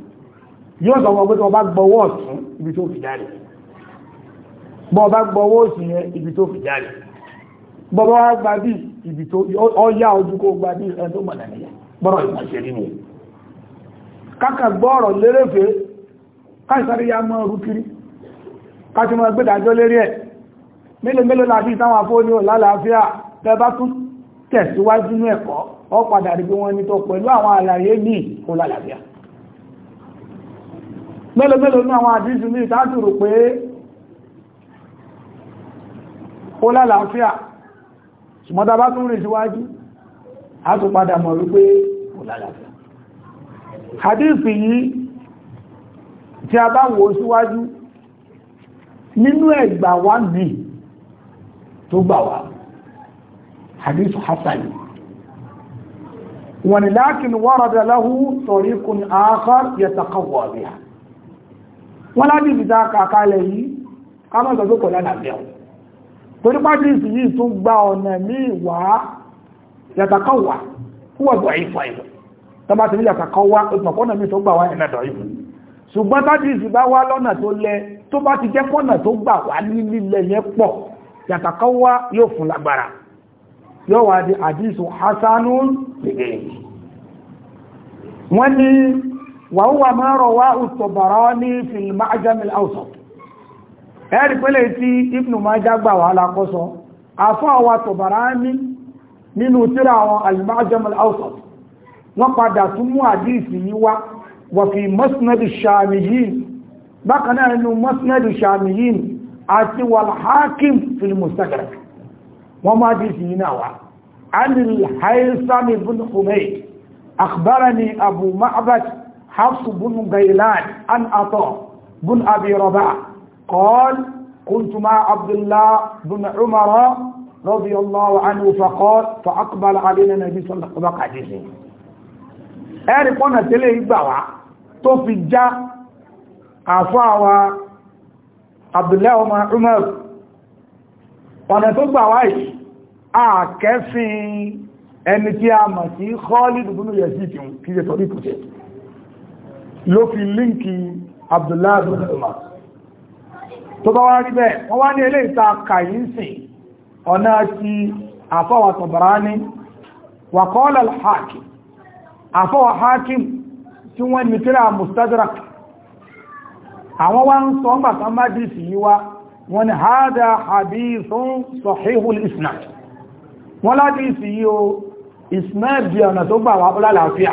yóò sọ wọn pé tó bá gbọ́wọ́ ọ̀tún ibi tó fi jáde bọ́ bá gbọ́wọ́ òsì yẹn ibi tó fi jáde bọ́ bá gbà bí ibi tó ọyá ojú kó gbà bí ẹni tó mọ̀nà nìyà gbọ́rọ̀ ìmọ̀ṣẹ́ nínú ẹ̀ kákà gbọ́rọ̀ lérèfé káìsàrí ya mọ́ orú kiri káti mọ́ gbẹ́dàjọ́ lérí ẹ̀ mélòó mélòó láti ìtàwọn afóní ò lálàáfíà tẹ́ bá tún tẹ̀síwájú ní ẹ̀kọ́ ọ padà rí pé wọ́n ní tó pẹ̀lú àwọn àlàyé ní ò lálàáfíà mẹ́lẹ̀mẹ́lẹ̀ ní àwọn àdíjù ní ìtàjùrù pé ó lálàáfíà ṣùgbọ́dá bá tún rìn síwájú a tó padà mọ̀ wípé ó lálàáfíà hadith yìí tí a bá wò síwájú nínú ẹgbà wá ní tó gbà wá hadith hasan wọ́n ni lákin warada lahu wọ́n láti ìbìta kàkàlẹ̀ yìí kámọ́sọ̀ tó kọ̀lá làbẹ̀ ọ̀ torí pàtíìsì yìí tún gba ọ̀nà ní ìwà yàtàkọ́wà fúwọ̀dọ̀ ìfọ̀ ìlú tọba ti ní yàtàkọ́wà òtùmọ̀kọ́nà mi tó gbà wá ẹ̀nà dọ̀ìfù ṣùgbọ́n pàtíìsì bá wá lọ́nà tó lẹ tó di àdìsù hasanun wọ́n ní وهو ما رواه الطبراني في المعجم الاوسط اعرف التي ابن ما جاب على قصه افاوى الطبراني من ترى المعجم الاوسط وقد سمو حديثه وفي مسند الشاميين بقنا انه مسند الشاميين اتي الحاكم في المستدرك وما حديثه نوع عن الحيصم بن حميد اخبرني ابو معبد حفص بن غيلان عن عطاء بن أبي رباح قال كنت مع عبد الله بن عمر رضي الله عنه فقال فأقبل علينا النبي صلى الله عليه وسلم ẹ̀rì pọ́nà tẹ́lẹ̀ ìgbà wá tó fi já àfáàwà Abdullahi ọmọ Umar ọ̀nà tó gbà wá yìí ẹni tí a mọ̀ sí Khalid ibn Yazid kí jẹ́ torí kò ló fi líǹkì Abdullahi bin Umar tó bá wá rí bẹ́ẹ̀ wọ́n wá ní ilé ìta kàyínsì ọ̀nà ti àfọwà Tabarani wa qala al-Hakim àfọwà Hakim tí wọ́n ní tíra Mustadrak àwọn wá ń sọ ńgbà kan má yí wá wọ́n ní hádá hadithun sahihul isnad wọ́n láti ìsì yí o isnad ọ̀nà tó gbà wà lálàáfíà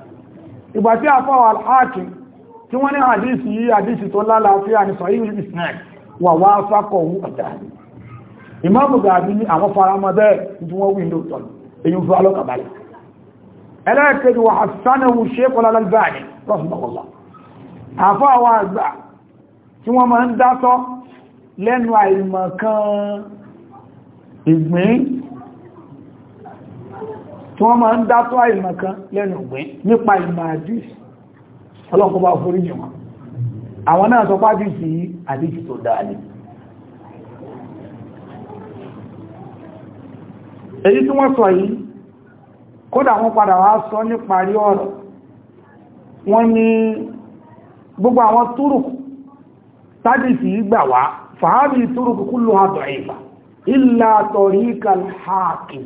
ìgbà tí àfáwà alhakim tí wọ́n ní àdísì yí àdísì tó lálàáfíà ní sọ̀yí ismail wà wá fákọ̀wú ọ̀dáàdì ìmáàmù gàbí ní àwọn faramọ́ bẹ́ẹ̀ tí wọ́n wí lóòtọ́ èyí fún alọ́kàbalẹ̀ ẹlẹ́ẹ̀kejì wà hassanahu sheikhul albani rahimahullah àfáwà àgbà tí wọ́n máa ń dátọ́ lẹ́nu àìmọ̀kan tí wọ́n máa ń dátọ́ àìmọ̀ kan lẹ́nu ọ̀gbẹ́ nípa ìmọ̀ àdìsì ọlọ́pọ̀ bá foríjì wọn àwọn náà sọ pàdìsì àdìsì tó dáa ní èyí tí wọ́n sọ yìí kódà wọ́n padà wá sọ níparí ọ̀rọ̀ wọ́n ní gbogbo àwọn túrùkù tàbísì ìgbà wá fàábì túrùkù kúlù àtọ̀ ìfà ìlà tọ̀ríkà hákìí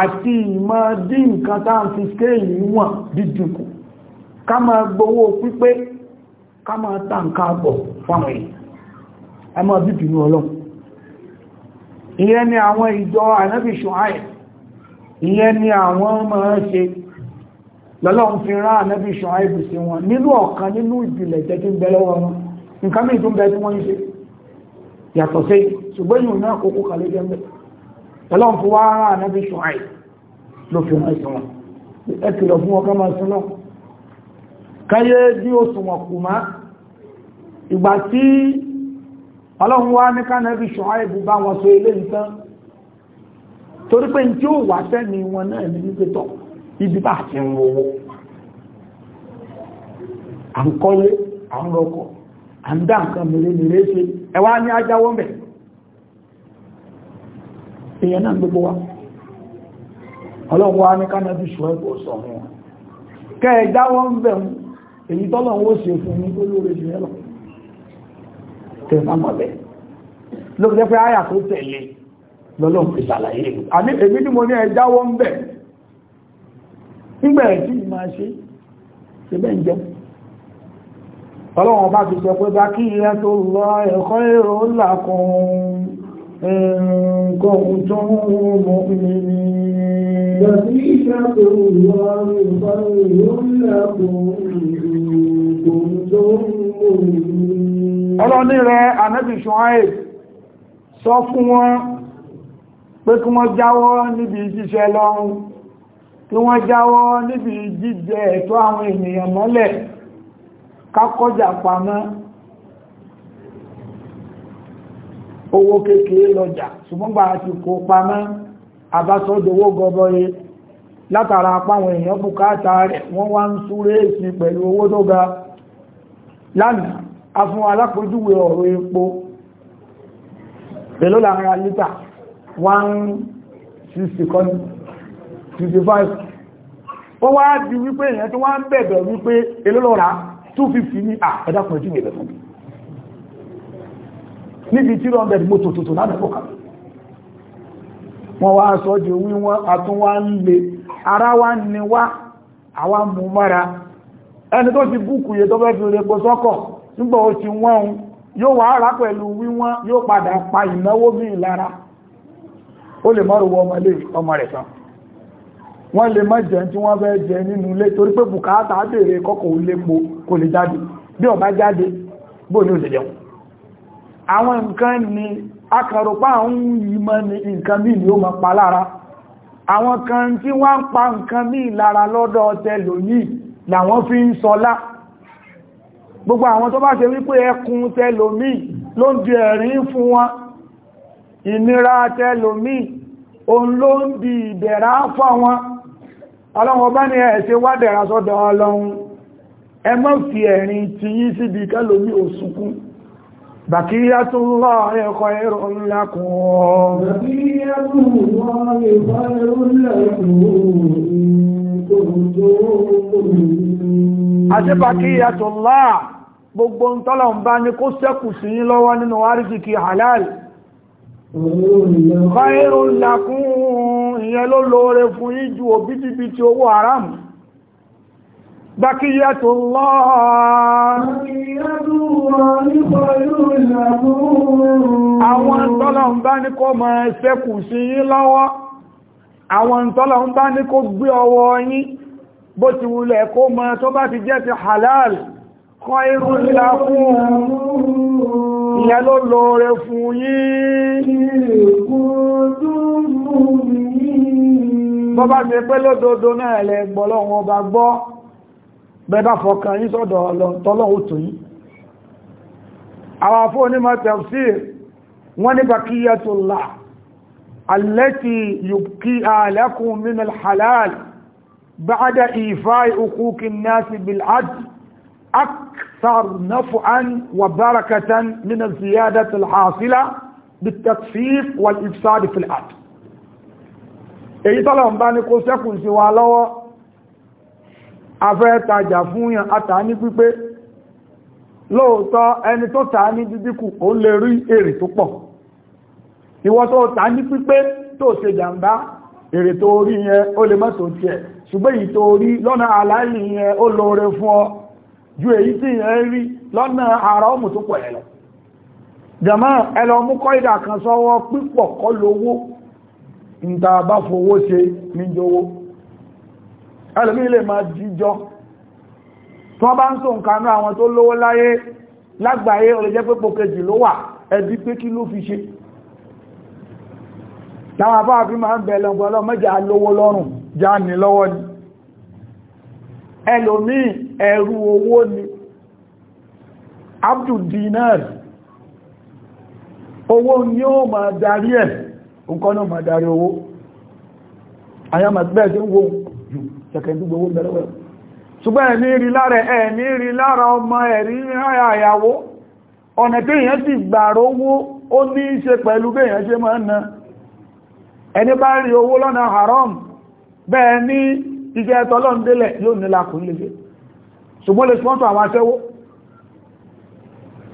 àti ìmọ̀ dí nǹkan tá ń fi skéèlì wọ̀n dídìkù ká máa gbowó pípé ká máa tà nǹkan àbọ̀ fáwọn èèyàn ẹ máa bíbìnú ọlọ́run ìyẹn ni àwọn ìjọ ànábì Ṣuaib ìyẹn ni àwọn máa ṣe lọ́lọ́run fi rán ànábì Ṣuaib sí wọn nínú ọ̀kan nínú ìbìlẹ̀ jẹ́ tí ń bẹ lọ́wọ́ wọn nǹkan mìí tó ń bẹ tí wọ́n ń ṣe yàtọ̀ sí ṣùgbọ́n ìhùn náà kókó kàlẹ́jẹ́ mẹ́ta ọlọ́run fún wa ara ànábì ṣùháì ló fi wọ́n sí wọn ẹ kìlọ̀ fún ọkọ̀ máa súnmọ́ káyé bí ó súnmọ̀ kù má ìgbà tí ọlọ́run wá ní kánábì ṣùháì bú bá wọn so nǹkan torí pé ṣe ẹwà ní ajáwọ́ mẹ́rin èèyàn náà gbogbo wa ọlọ́run wá ní kánàbí ṣùgbọ́n ó sọ fún wọn kẹ́ẹ̀dá wọ́n ń bẹ̀ èyí tọ́lọ̀wọ́ ṣe fún ní olóore jù ẹ́lọ tẹ̀sánmọ̀lẹ̀ ló fi jẹ́ pé àyà tó tẹ̀lé lọ́lọ́run fi ṣàlàyé àmì èmi ni mo ní ẹ̀dá wọ́n ń ọlọ́run bá ti sọ pé bá kí ilẹ̀ tó lọ ẹ̀kọ́ èrò ńlá kan إن كنتم مؤمنين فذكر الله خير لكم Ọlọ́ni rẹ̀ Ànábì Ṣùháì sọ fún wọn pé kí wọ́n jáwọ́ níbi jíṣẹ́ lọ́run, kí wọ́n jáwọ́ níbi jíjẹ ẹ̀tọ́ àwọn ènìyàn mọ́lẹ̀, kákọ́jà pamọ́ owó kékeré lọ́jà ṣùgbọ́n gbà ti kó pamọ́ àbásọ́dọ̀wó gọbọ́ye látara apáwọn èèyàn bùkátà rẹ̀ wọ́n wá ń súré ìsìn pẹ̀lú owó tó ga lánàá a fún alápòjúwe ọ̀rọ̀ epo pẹ̀lú lára lítà 160 kọ́ni 55 ó wá di wípé èèyàn tó wá ń bẹ̀bẹ̀ wípé elólọ́ra 250 ní àpẹ́dàpọ̀ ìjúwẹ̀ bẹ̀ fún mi níbi 300 mọ́tò tuntun lábẹ́bọ̀ká wọ́n wá sọ di owí wọn àtún wá ń le ara wá ní wá àwa mú ẹni tó ti búkù yẹ tó fẹ́ fi pọ̀ sọ́kọ̀ nígbà ó ti wọ́n un yóò wá pẹ̀lú wíwọ́n yóò padà pa ìnáwó bí ìlara ó lè mọ́rù wọ ọmọ ilé ọmọ rẹ̀ tán àwọn nǹkan ni akàrùpá ń yímọ́ ní nǹkan bí ni ó máa pa lára àwọn kan tí wọ́n ń pa nǹkan bí lára lọ́dọ̀ tẹlòmí làwọn fi ń sọlá gbogbo àwọn tó bá ṣe wípé ẹkùn tẹlòmí ló ń di ẹ̀rín fún wọn ìnira tẹlòmí òun ló ń di ìdẹ̀ra fún wọn ọlọ́run ọba ní ẹ̀ṣẹ́ wádẹ̀ra sọ́dọ̀ ọlọ́run ẹ má fi ẹ̀rín tiyín síbi kẹlòmí òsùnkún بقية الله خير لكم بقية الله خير لكم àti bàkíyàtò láà gbogbo ń tọ́lọ̀ ń bá ní kó sẹ́kù sí yí lọ́wọ́ nínú àrísìkí halal khairun lakum ìyẹn ló lóore fún yín ju owó haram بقية الله àwọn tọ́lọ̀ ń bá ní kó máa ṣẹ́kù sí yín lọ́wọ́ àwọn tọ́lọ̀ ń bá ní kó gbé ọwọ́ yín bó ti wulẹ̀ kó máa tó bá ti jẹ́ ti halal kọ́ irú ìlà fún ìyẹn ló lóore fún yín bọ́bá ti pẹ́ lódodo náà lẹ bá gbọ́ bẹ́bá fọkàn yí sọ́dọ̀ ọlọ́ntọ́lọ́ òtò yí àwọn afọ́ onímọ̀ tafsir wọ́n ní baqiyatullah allati yubqiha lakum min alhalal ba'da ifa'i huquqi an-nasi bil'adl akthar naf'an wa barakatan min az-ziyadati al-hasila bit-takfif wal-ifsad fil èyí tọ́lọ̀ afẹ́ tajà fún yàn àtà ní pípé lóòótọ́ ẹni tó tà ní dídíkù ó lè rí èrè tó pọ̀ ta tó to ní pípé tó ṣe èrè tó rí yẹn ó lè mọ́tò tiẹ̀ ṣùgbọ́n èyí tó rí lọ́nà yẹn ó fún ọ ju èyí tí yẹn rí lọ́nà ara ọmù tó pọ̀ lọ ẹlọ mú kọ́ kan sọ́wọ́ pípọ̀ kọ́ lówó ìta bá ẹlòmí lè máa jíjọ tí wọ́n bá ń sọ nǹkan náà àwọn tó lówó láyé lágbàáyé ó lè jẹ́ pé pòkejì ló wà ẹbí pé kí ló fi ṣe láwọn afáà fi máa ń bẹ̀rẹ̀ lọ́gbọ́lọ́ mẹ́jà lówó lọ́rùn dinar owó ni ó máa darí ẹ̀ tẹ̀kẹ̀ndú gbogbo bẹ̀rẹ̀wẹ̀ ṣùgbọ́n ẹ̀ní rí lára ẹ̀ní rí lára ọmọ ẹ̀rí àyàwó ọ̀nà tí èyàn ti gbàrọ owó ó ní í ṣe pẹ̀lú bí ṣe máa na ẹni bá rí owó lọ́nà haram bẹ́ẹ̀ ní iṣẹ́ ẹ̀tọ́lọ́ndélẹ̀ yóò nílá sponsor àwọn aṣẹ́wó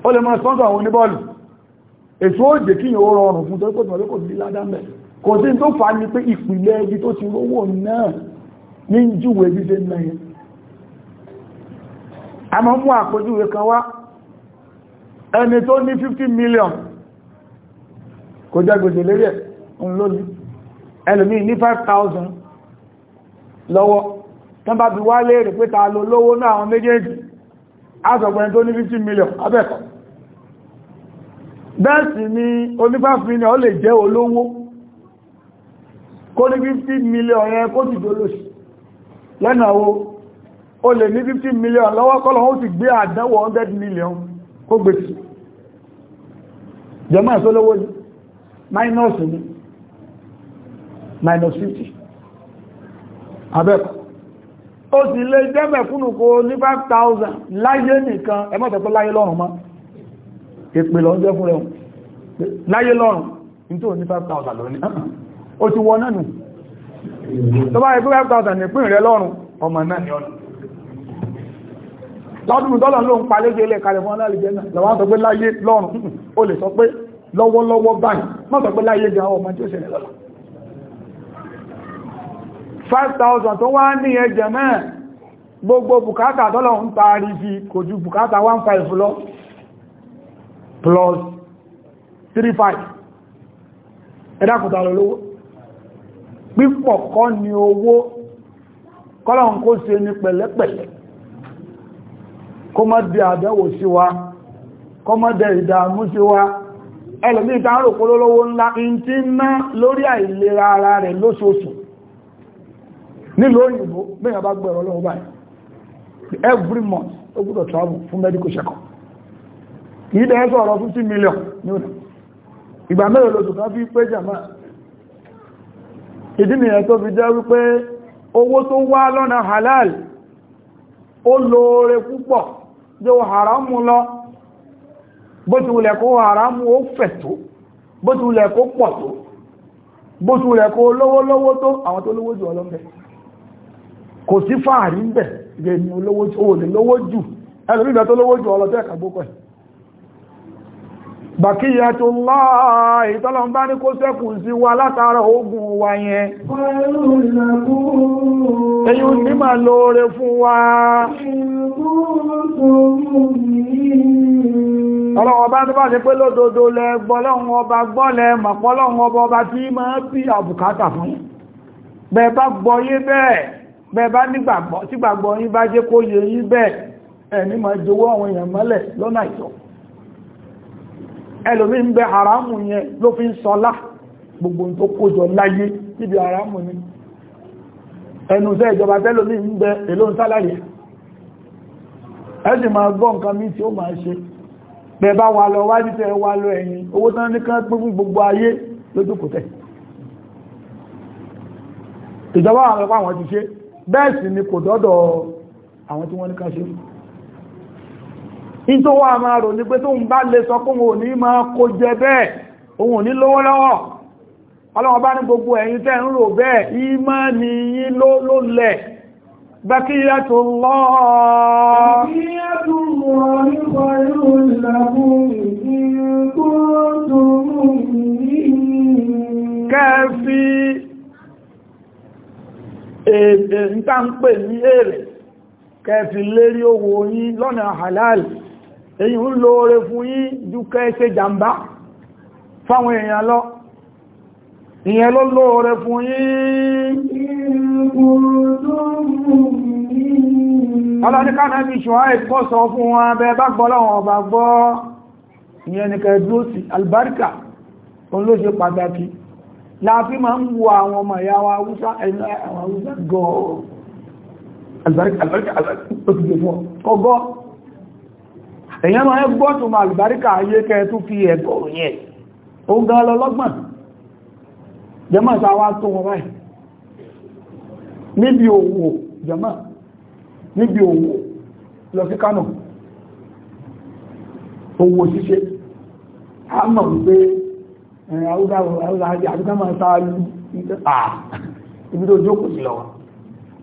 ó sponsor àwọn oníbọ́ọ̀lù èso ó jẹ́ kí ìyàn ó rọrùn fún tó kò tí wọ́n lè ní júwé dídé mẹ́yìn a máa mú àpójúwé kan wá ẹni tó ní 50 million kò jẹ́ gbèsè lérí ẹ̀ ń lónìí ẹlòmí ní 5,000 lọ́wọ́ tán bá bí wá léèrè pé ta ló lówó náà àwọn méjèèjì a sọ̀gbọ̀n tó ní 50 million abẹ́kọ̀ bẹ́ẹ̀sì ni onífàfin ó lè jẹ́ olówó kó ní 50 million yẹn kó dìdó lóṣù lẹ́nà o o lè ní 15 million lọ́wọ́ kọ́lọ̀ ó ti gbé àdánwò 100 million kó gbèsè jẹmọ́ ìsọ́lọ́wọ́ yìí minus ní minus 50 abẹ́kọ̀ ó sì lè jẹ́mẹ̀ fún nùkó ní 5,000 láyé nìkan ẹmọ́tẹ̀kọ́ láyé lọ́rùn mọ́ èpè lọ jẹ́ fún rẹ̀ láyé lọ́rùn ní tó ní 5,000 lónìí ó [LAUGHS] ti wọ́n náà nù tó bá yẹ pé 5,000 nípìn rẹ lọ́rùn ọmọ náà lọ́dún dọ́là ló ń pa léjé ilẹ̀ kalẹ̀mọ́ aláàlẹ́jẹ́ náà lọ́wọ́ sọ pé láyé lọ́rùn o lè sọ pé lọ́wọ́lọ́wọ́ báyìí má sọ pé láyé gan ọmọ tí ó ṣẹlẹ̀ lọ́la 5,000 tó wá ní ẹjẹ̀ náà gbogbo bùkátà tọ́lọ̀ ń taari fi kò ju bùkátà 1,500 lọ plus 3,500 ẹ̀dàkùtà lọ́lọ́wọ́ pípọ̀ kọ́ ni owó kọ́lọ̀n kó ṣe ní pẹ̀lẹ́pẹ̀lẹ́ kó má dé àdẹ́wò sí wa elu má dé ìdààmú sí wa ẹlòmí ìtàrò lori ńlá in ti ná lórí àìlera ara rẹ̀ lóṣooṣù nílò òyìnbó mẹ́yàn bá every month ó gbọ́dọ̀ travel fún medical check-up kìí dẹ̀ 50 million ní ìgbà mẹ́rin lóṣù kan fi jàmáà ìdí nìyẹn tó fi jẹ́ wípé owó tó wá lọ́nà halal ó lóore púpọ̀ jẹ́ haramu lọ bó ti wùlẹ̀ kó haramu ó fẹ̀ tó bó ti wùlẹ̀ kó pọ̀ tó bó ti wùlẹ̀ kó lówó lówó tó àwọn tó lówó jù ọlọ́m̀bẹ̀ kò sí ń bẹ̀ Bàkíyàtúlláà ìtọ́lọ̀n bá ní kó sẹ́kùn sí wa látara ogun wa yẹn. Èyí ò ní máa lóore fún wa. Ọlọ́run ọba tó bá ṣe pé lódodo lẹ gbọ́lọ́run ọba gbọ́lẹ̀ mọ̀pọ́lọ́run ọba ọba tí máa bí àbùkátà fún. Bẹ́ẹ̀ bá gbọ́yé bẹ́ẹ̀, bẹ́ẹ̀ bá ẹlòmí ń bẹ haramu yẹn ló fi ń sọlá gbogbo tó kójọ láyé níbi haramu ni ẹnu sẹ́ ìjọba tẹ́lòmí ń bẹ èlò ń sálàrí ẹ̀sì máa gbọ́ nǹkan mí tí ó máa ṣe bẹ̀bá wà lọ wájú tẹ́ wà lọ ẹ̀yìn owó tán ní kan pín fún gbogbo ayé lójú ìjọba àwọn ẹ̀pá àwọn ti ṣe bẹ́ẹ̀ sì ni kò dọ́dọ̀ àwọn tí wọ́n ní ká ṣe in tó wà máa rò ní pé tó ń bá lè sọ fún òní máa kó jẹ bẹ́ẹ̀ òun ò ní lówó lọ́wọ́ ọlọ́wọ́n bá ní gbogbo ẹ̀yin tẹ́ ń rò bẹ́ẹ̀ ìmọ̀ ni yín ló ló lẹ̀ Bakiyatullah pè ní èrè, kẹ́ẹ̀fí lérí owó yín lọ́nà halal èyí ń lo oore fún yín dúkẹ́ ṣe jàmbá fáwọn èèyàn lọ ìyẹn ló lo oore fún yín ọlọ́díká náà bí ṣùgbọ́n ẹ̀kọ́ sọ fún wọn abẹ́ bá gbọ́ lọ́wọ́ ọba gbọ́ ìyẹn nìkan ẹ̀dúró albarka òun ló ṣe pàtàkì láàfí ma ń wo àwọn ọmọ ìyá wa wúsá ẹ̀nà àwọn wúsá gọ́ọ̀ èyàn máa gbọ́ tó máa àlùbáríkà ayé kẹ́ tó fi ẹ̀kọ́ yẹn ó ń jẹmọ́ tó wọ́n báyìí níbi òwò jẹmọ́ níbi òwò lọ sí Kánò òwò ṣíṣe a mọ̀ wípé àwúgbà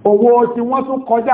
wọ́n tún kọjá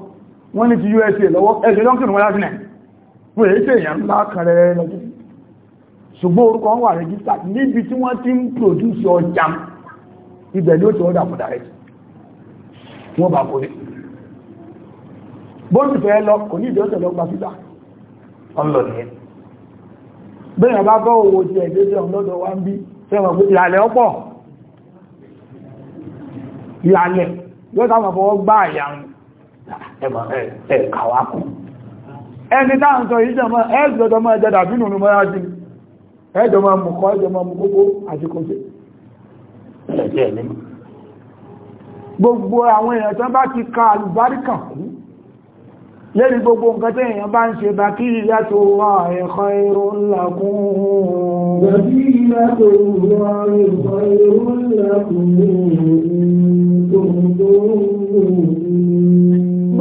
wọ́n ní ti USA lọ́wọ́ ẹgbẹ̀ lọ́nkìnrin wọ́n láti nẹ̀ wọ́n èyí tẹ̀ èèyàn ńlá kan rẹ̀ lọ́jọ́ ṣùgbọ́n orúkọ wọn wà rẹ́gísítà níbi tí wọ́n ti ń pòdúsì ọjà ibẹ̀ ló ti ọ̀dà fúdà rẹ̀ wọ́n bá kó rí bóòlù fẹ́ lọ kò ní ìdíọ́sẹ̀ lọ gba fídà ọlọ́nìyẹn bẹ́ẹ̀ bá bọ́ owó ti ẹ̀dẹ́dẹ́ ọlọ́dọ̀ wá ń bí fẹ́wọ̀n pé ìrànlẹ̀ ọ̀pọ̀ ìrànlẹ̀ yóò táwọn fọwọ́ gbá àyàrùn ẹ kàwákù ẹni táà ń sọ ìjọmọ́ ẹ̀ẹ́sìlọ́jọ́ máa jẹ́ dàbínú ní mọ́ra jí ẹjọ́ máa mú kọ́ ẹjọ́ máa mú gbogbo àṣíkọ́sẹ̀ gbogbo àwọn èèyàn tán bá ti ka àlùbáríkà kú lérí gbogbo nǹkan tí èèyàn bá ń ṣe bá kí ìyá tó wà ẹ̀kọ́ irú ńlá kún un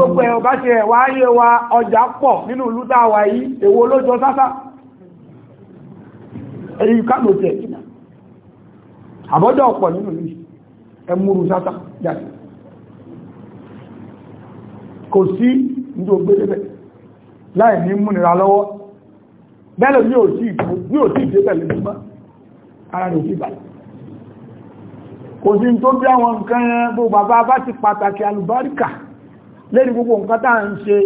gbogbo ẹ̀ ọ̀bá ṣe ẹ̀wà ayé wa ọjà pọ̀ nínú ìlú dáwà yìí èwo ló jọ sáfá èyí kánò tẹ̀ àbọ́jọ́ ọ̀pọ̀ nínú ìlú ẹmúrù sáfá jáde kò sí ní ògbélébẹ̀ láì ní múnira lọ́wọ́ bẹ́lẹ̀ ní òsì ìdé pẹ̀lú mímọ́ ara rẹ̀ òsì ìbàlẹ̀ kò sí tó bí àwọn nǹkan gbogbo bàbá bá ti pàtàkì alùbáríkà lẹ́yìn gbogbo nǹkan tá ń ṣe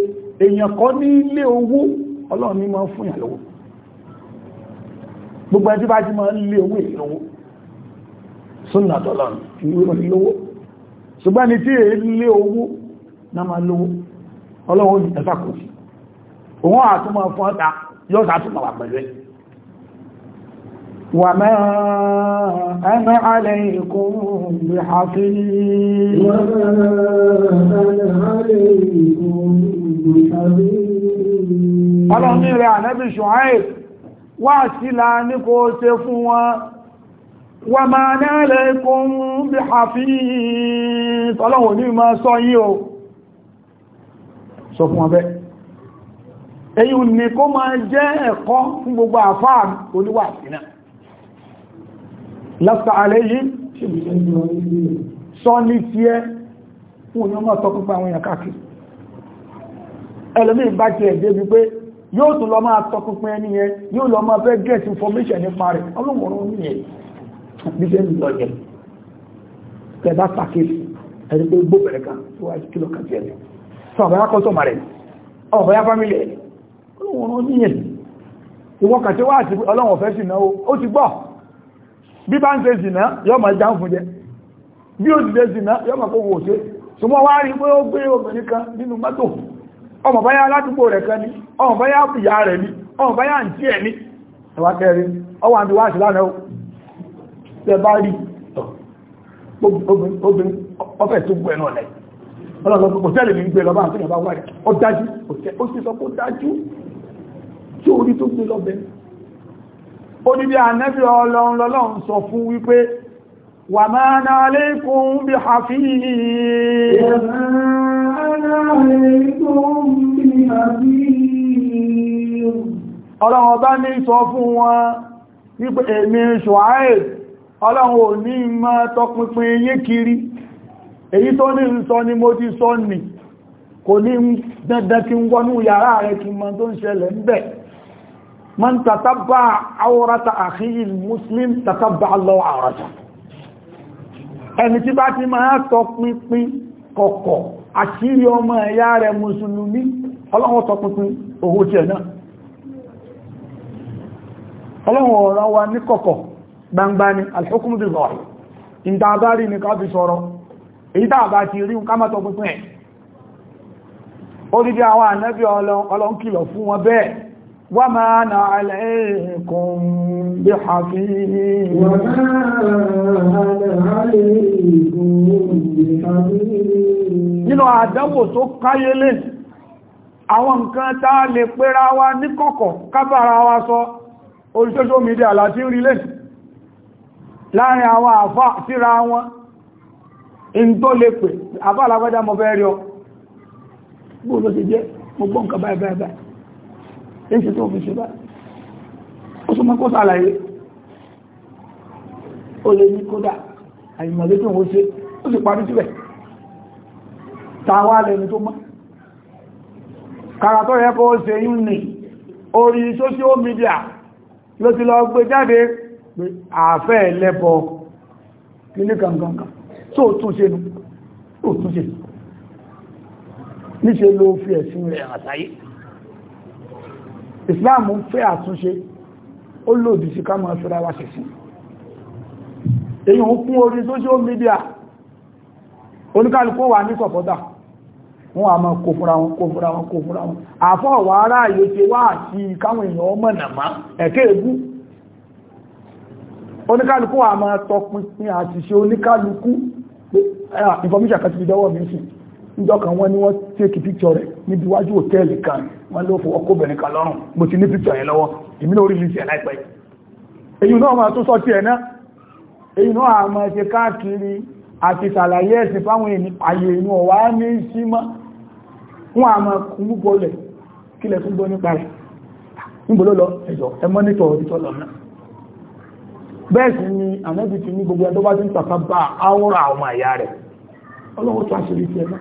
èèyàn kọ́ ní ilé owó ọlọ́run ní máa fún ìyàlówó gbogbo ẹni bá jí máa ń lé owó ìlówó súnà dọ́lọ́run ìlówó ṣùgbọ́n ni tí è lé owó ní وما أنا عليكم بحفيظ وما أنا عليكم بحفيظ ọlọ́run ní rẹ̀ ànábì ṣùháì wà sílá ní kò ṣe fún wọn wà máa ní عليكم بحفيظ ọlọ́run ní máa sọ yí o sọ fún wọn bẹ́ẹ̀ èyí ni kó máa jẹ́ ẹ̀kọ́ fún gbogbo àfáà oníwà sí náà lásà àlẹ́yí sọ ní tí ẹ fún ní ọmọ tọ́kùn pa àwọn èèyàn káàkiri ẹlòmí bá ti ẹ̀dẹ́ bí pé yóò tún lọ máa tọ́kùn pín ẹni yẹn yóò lọ máa fẹ́ get information nípa rẹ̀ ọlọ́mọ̀rún ní ẹ̀ bí ṣe ń lọ jẹ tẹ̀bá pàkíyèsí ẹni pé gbó bẹ̀rẹ̀ kan tó wá kílọ̀ kan tiẹ̀ lọ sọ àbáyá kọ́sọ̀mà rẹ̀ ọ̀báyá fámílì ẹ̀ ọlọ́mọ̀rún ní ẹ̀ ìwọ́kàtí wá àti ọlọ́wọ̀n fẹ́ sì náà ó ti gbọ́ bí bá ń ṣe a yọ́ ma já ń fún jẹ bí ó dìde ma ṣe ṣùgbọ́n wá rí pé ó gbé obìnrin kan nínú mọ́tò ọmọ báyá aládùúgbò rẹ̀ kan ní ọmọ báyá ìyá rẹ̀ ní ọmọ báyá ń tí ẹ̀ ní ẹwà kẹrin ọwà ń bí wá sí lánàá ó ní bí ànẹ́bí ọlọ́run lọ́lọ́run sọ fún wípé wà máa ná aléìkún bí hafihi ọlọ́run ọba ní sọ fún wọn wípé èmi ṣùháì ọlọ́run ò ní mọ́ tọpinpin yé kiri èyí tó ní ń sọ ni mo ti sọ nì kò ní dandan kí ń wọnú yàrá rẹ̀ kí mọ́ tó ń ṣẹlẹ̀ ń bẹ̀ẹ̀ من تتبع عورة أخيه المسلم تتبع الله عورته ẹni tí bá ti máa tọpinpin kọ̀kọ̀ àṣírí ọmọ ẹ̀yà rẹ̀ mùsùlùmí ọlọ́wọ́ tọpinpin owó tí ẹ̀ náà ọlọ́wọ́ ọ̀rọ̀ wa ní kọ̀kọ̀ gbangba ni alhukumu bí zọ̀rọ̀ ìdábárí ní káàbí sọ̀rọ̀ èyí tàbá ti rí ká má tọpinpin وما أنا عليكم بحفيظ وما أنا عليكم بحفيظ nínú àdánwò tó káyélé àwọn nǹkan tá a lè pera wa láti rí lè láàrin àwọn àfá síra wọn in tó lè pè àfá alágbádá mọ̀ èṣe tó fi ṣe bá ó sọ mọ́ kó sàlàyé ó lè ní kódà àìmọ̀lé tó ń ṣe ó sì parí síbẹ̀ tàwa lẹ́nu tó mọ́ kàràtọ́ yẹ kó ṣe yún ní orí social media ló ti lọ gbé jáde pé àfẹ́ lẹ́bọ nílé gangan tó tún ṣe nù tó tún ṣe níṣe ló fi ẹ̀sìn rẹ̀ àtàyé islam ń fẹ́ àtúnṣe ó lòdì sí ká máa fẹ́ra wa ṣẹ̀sí èyí ń kún orí social media oníkálukú wà ní sọ̀pọ̀tà wọ́n a máa kó fúnra wọn kó fúnra wọn kó fúnra wọn àfọ́ ọ̀wọ̀ ará ayé ti wá àti káwọn èèyàn ọmọ nàmá ẹ̀kẹ́ ègú oníkálukú wà máa tọpinpin àti ṣe oníkálukú information kan ti fi dọ́wọ́ mi sí níjọ́ kan wọ́n ní wọ́n take picture rẹ̀ níbi iwájú hòtẹ́ẹ̀lì kan wọ́n ló fọwọ́ kóbìnrin kan lọ́rùn mo ti ní picture yẹn lọ́wọ́ èmi náà rí lè jẹ́ láìpẹ́ èyí náà máa tó sọ tiẹ̀ náà èyí náà a máa ṣe káàkiri àti ṣàlàyé ẹ̀sìn fáwọn àyè inú ọ̀wá ní símọ́ wọn a máa kún púpọ̀ lẹ̀ kí lẹ̀ tún gbọ́ nípa rẹ̀ níbo ló lọ ẹ̀jọ̀ ẹ mọ́nítọ̀ òtítọ́ lọ náà bẹ́ẹ̀ sì ni àmọ́bìtì ní gbogbo ẹ̀dọ́ bá ti ń tàkà bá àwòrán àwọn ọmọ àyà rẹ̀ ọlọ́wọ́ tó àṣírí ti ẹ̀ náà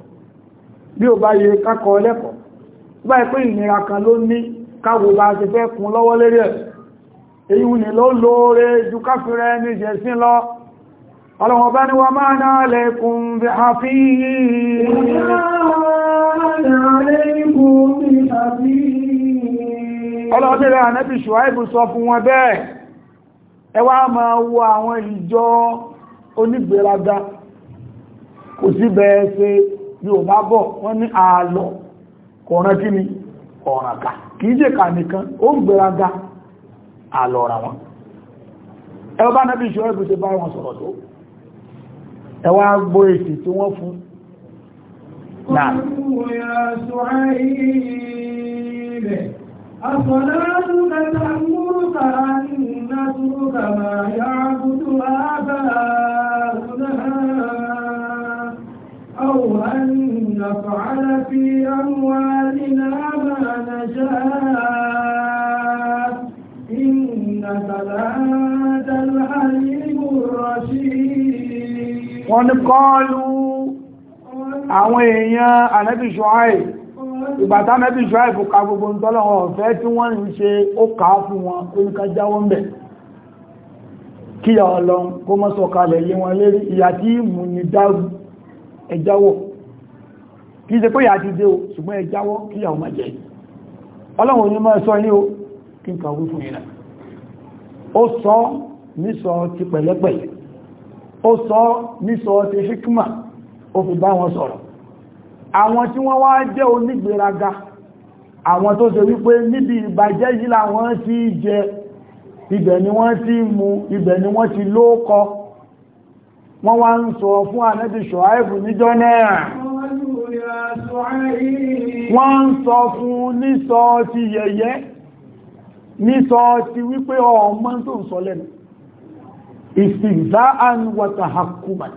bí ó bá yẹ kákọ̀ọ́ lẹ́kọ̀ọ́ bá ẹ pé ìnira kan ló ní káwo bá ṣe fẹ́ kún lọ́wọ́ lérí ẹ̀ èyí ni ló lóore ju káfíra ẹni jẹ sí lọ ọlọ́wọ́ bá ní wa máa náà lẹ́kùn bí a fi yìí ọlọ́dẹ̀rẹ̀ bẹ́ẹ̀ ẹ kò sí bẹ́ẹ̀ yóò bá bọ̀ wọ́n ní ààlọ̀ kọ̀ọ̀rán kí ni ọ̀ràn ká kìí jẹ́ ká nìkan ó ń gbéraga ààlọ̀ ra wọn ẹwọ́ bá nábi ìṣọ́ ẹgbẹ́ bá wọn sọ̀rọ̀ tó ẹwà gbó èsì tí wọ́n fún náà أو أن نفعل في أموالنا ما نشاء إنك لأنت الحليم الرشيد ونقالوا àwọn èèyàn ànábì ṣọ́áì ìgbàtà ànábì ṣọ́áì fòkà gbogbo ń tọ́lọ̀wọ̀ ọ̀fẹ́ tí wọ́n ń ṣe ó kàá fún wọn oníkà jáwọ́ ń bẹ̀ kí ọlọ́run kó mọ́ sọ̀kalẹ̀ lé wọn lérí ìyà tí mú ní dárú ẹjáwọ́ kí ṣe pé yà ti dé o ṣùgbọ́n ẹjáwọ́ kí yàwó má jẹ́ ọlọ́run ní máa sọ yín o kí n kà wí fún ìrìn ó sọ nísọ ti pẹ̀lẹ́pẹ̀lẹ́ ó sọ nísọ ti hikma ó fi bá wọn sọ̀rọ̀ àwọn tí wọ́n wá jẹ́ onígbéraga àwọn tó ṣe wípé níbi ìbàjẹ́ yìí làwọn ti jẹ ibẹ̀ ni wọ́n ti mu ibẹ̀ ni wọ́n ti lóókọ́ wọ́n wá ń sọ fún ànábì ṣọ̀háìbù níjọ́ náà wọ́n ń sọ fún nísọ ti yẹ̀yẹ́ nísọ ti wípé ọmọ tó ń sọ lẹ́nu ìsìnzáàn wàtàhàkùmàn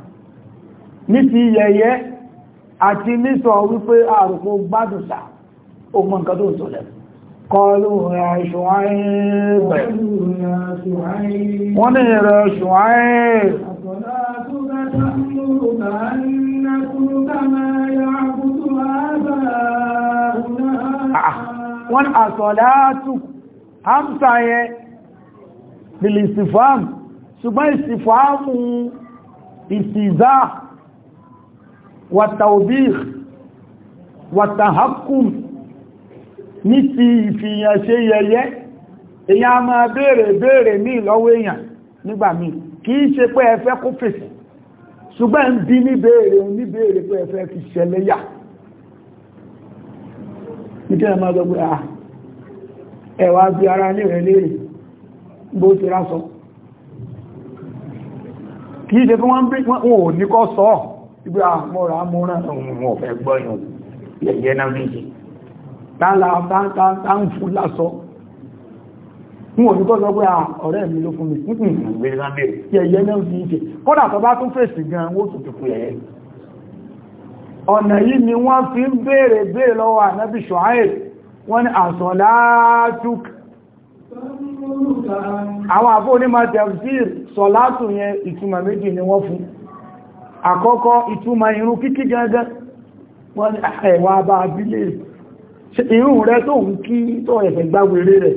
ní ti yẹ̀yẹ́ àti nísọ wípé àrùkú gbádùsà ọmọ nǹkan tó ń sọ lẹ́nu قالوا يا شعيب تأمرون أنكم كما يعبد آباؤنا ah, ah. wọ́n àsọ̀láàtù hamsa yẹ bìlì ìsìfàmù ṣùgbọ́n ìsìfàmù ìsìzá wàtàòbíh wàtàhákùm ní ti ìfìyàn ṣe yẹyẹ èyàn a máa béèrè béèrè ní ìlọ́wọ́ èyàn nígbàmí kìí ṣe pé ẹ kó fèsì ṣùgbọ́n ń bí níbèèrè níbèèrè pé ẹ̀fẹ́ fi ṣẹlẹ̀ yà nítorí ẹ̀mọ́ gbogbo à ẹ̀wà bí ara ní rẹ̀ léèrè bó ti rá sọ kì ṣe fún wọ́n ní kọ́ sọ ibi àmọ́ra múra ọ̀fẹ́ gbọ́yàn fún òní tó sọ pé ah, ọ̀rẹ́ mi ló fún mi tí ẹ̀yẹ náà fi ń ṣe kọ́dà tó bá tún fèsì gan owó tó ti fún ẹ̀yẹ ọ̀nà yìí ni wọ́n fi ń béèrè béèrè lọ́wọ́ ànábì ṣọ́áìl wọ́n ni àsọ̀látùk àwọn àfó onímọ̀ tẹ̀fsír sọ̀látù yẹn ìtumọ̀ méjì ni wọ́n fún àkọ́kọ́ ìtumọ̀ irun kíkí gangan wọ́n ni ah, ẹ̀wà bá abílẹ̀ irun rẹ̀ tó ń kí tó ẹ̀fẹ̀ gbáwèrè rẹ̀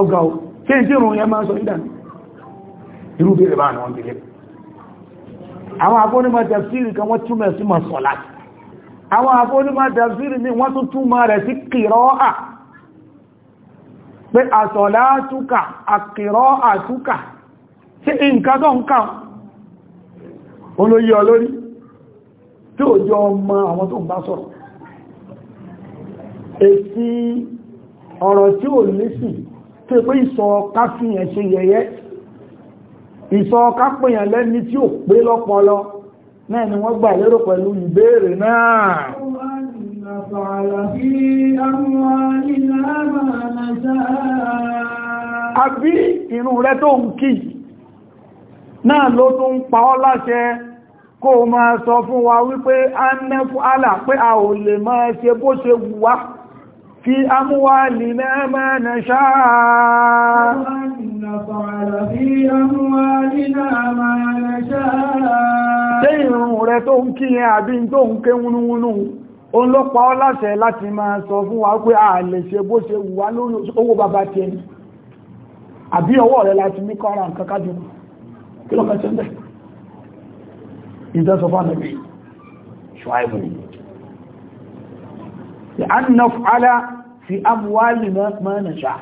ọgá o tí ń tí ìrùn yẹn máa sọ ìdá irú bèèrè bá àwọn bèèrè àwọn afọ́nímọ̀ tafsiri kan wọ́n túnmọ̀ sí mọ̀ sọ̀lá àwọn afọ́nímọ̀ tafsiri ni wọ́n tún túnmọ̀ rẹ̀ sí kìrọ́à pé àsọ̀lá túkà àkìrọ́à túkà tí nǹkan tó ń kà olóyí olórí tí ó jọ ọmọ àwọn tó ń bá sọ̀rọ̀ èsì ọ̀rọ̀ tí ò lésì tó pé ìsọ káfíyàn ṣe yẹ̀yẹ́ ìsọ kápẹ̀yàn lẹ́ni tí ò pé lọ́pọlọ náà ni wọ́n gbà lérò pẹ̀lú ìbéèrè náà àbí ìrun rẹ tó ń kí náà ló tún pa ọ́ láṣẹ kó máa sọ fún wa wípé a nẹ́fú àlà pé a ò lè máa ṣe bó ṣe wù في أموالنا ما نشاء نفعل في أموالنا ما نشاء rẹ̀ tó ń kí àbí tó ń ké wúnúwúnú òun ló pa ọ́ láṣẹ láti máa sọ fún wa pé a lè ṣe bó ṣe wù lórí owó bàbá tí àbí ọwọ́ rẹ̀ láti ní kọ́ra nǹkan kájú kí lọ́kàn fi amúwálì mọ́nà ṣá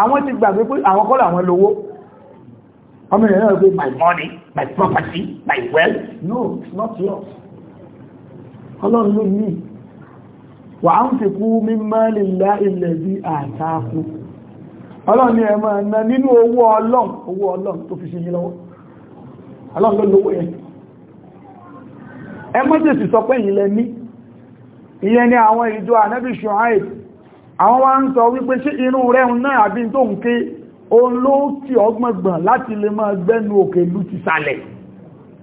àwọn ti gbàgbé pé àwọn kọ́lọ̀ àwọn lówó ọmọ ìrìn náà pé my money my property my wealth no it's not yours ọlọ́run ló ní wà á ń fi kú mímọ́ lílá ilẹ̀ bí àtàkù ọlọ́run ni ẹ máa ná nínú owó ọlọ́run owó ọlọ́run tó fi ṣe yí lọ́wọ́ ọlọ́run ló lówó yẹn ẹ mọ́jèsì sọ pé ìyìnlẹ̀ ní ìyẹn ni àwọn ìjọ ànábì Ṣuaib àwọn wá ń sọ wípé ṣé inú rẹ̀ náà àbí tó ń ké olóòtí ọgbọ̀ngbọ̀n láti lè máa gbẹ́nu òkè lú ti sàlẹ̀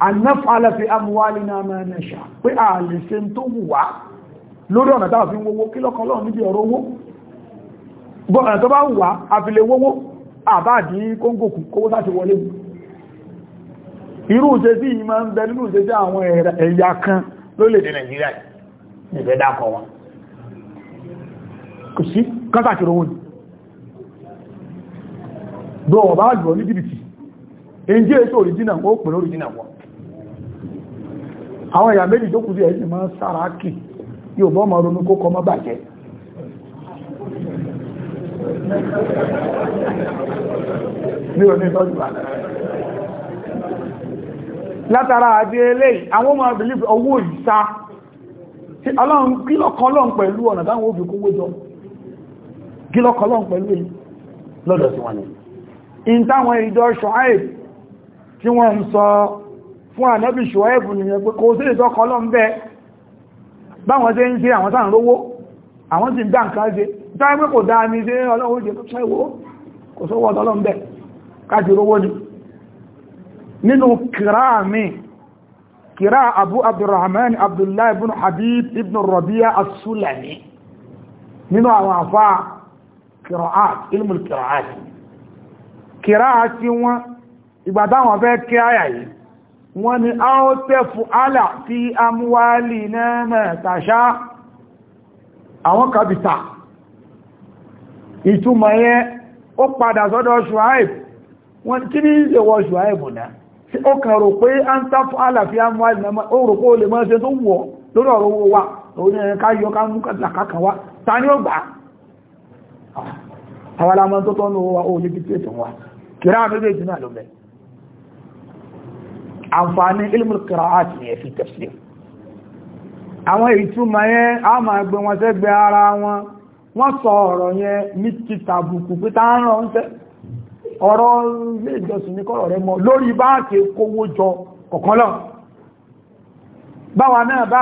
anáfàálẹ́fẹ́ amúwálì náà máa nẹ́ṣà pé a lè ṣe tó wù wá lórí ọ̀nà táà fi ń wówó kí lọ́kọ́lọ́ níbi ọ̀rọ̀ owó kò sí kákàkiri wọn bí wọ́n bá yọ ní jìbìtì ẹnjẹ́ ètò òrìjínà wọ́n pẹ̀lú òrìjínà wọn àwọn èèyàn méjì tó kù sí ẹ̀yìn saraki. sára kì yóò ma ronú kó kọmọ bàjẹ́ ní òní ìtọ́jú látara àti eléyìí àwọn ọmọ owó ìsá kí lọ́kọ̀ọ́lọ́n pẹ̀lú èyí lọ́dọ̀ sí wọn ni in táwọn ìjọ ṣọ́ẹ́bù tí wọ́n ń sọ fún ànábì ṣọ́ẹ́bù nìyẹn pé kò sí ìtọ́kọ̀ọ́lọ́n bẹ́ẹ̀ báwọn tẹ́ ń ṣe àwọn sáà ń rówó àwọn sì ń dá nǹkan ṣe táwọn pé kò dáa abu abdurrahman abdullahi ibn habib ibn rabia as-sulami nínú àwọn kìrọ̀át ilmù kìrọ̀át kìrọ̀á tí wọ́n ìgbà táwọn fẹ́ kí àyà yìí wọ́n ni a ó tẹ́fù alà tí a mú wá lè náà mẹ́tàṣá àwọn kàbìtà ìtumọ̀ yẹn ó padà sọ́dọ̀ ṣùháìb wọ́n ní ìṣẹ̀wọ̀ ṣùháìb àwọn alamọ́ tó tọ́nu wa ó lè dípé tàn kìrá méjèèjì náà ló mẹ́ àǹfààní ilmù kìrá àti ní ẹ̀fí àwọn ìtumọ̀ yẹn a máa gbé wọn sẹ́gbẹ́ ara wọn wọ́n sọ ọ̀rọ̀ yẹn ní títà bùkù pé ń ọ̀rọ̀ ilé ìjọsìn ní kọ́rọ̀ rẹ mọ́ lórí báàkì kówó jọ báwa náà bá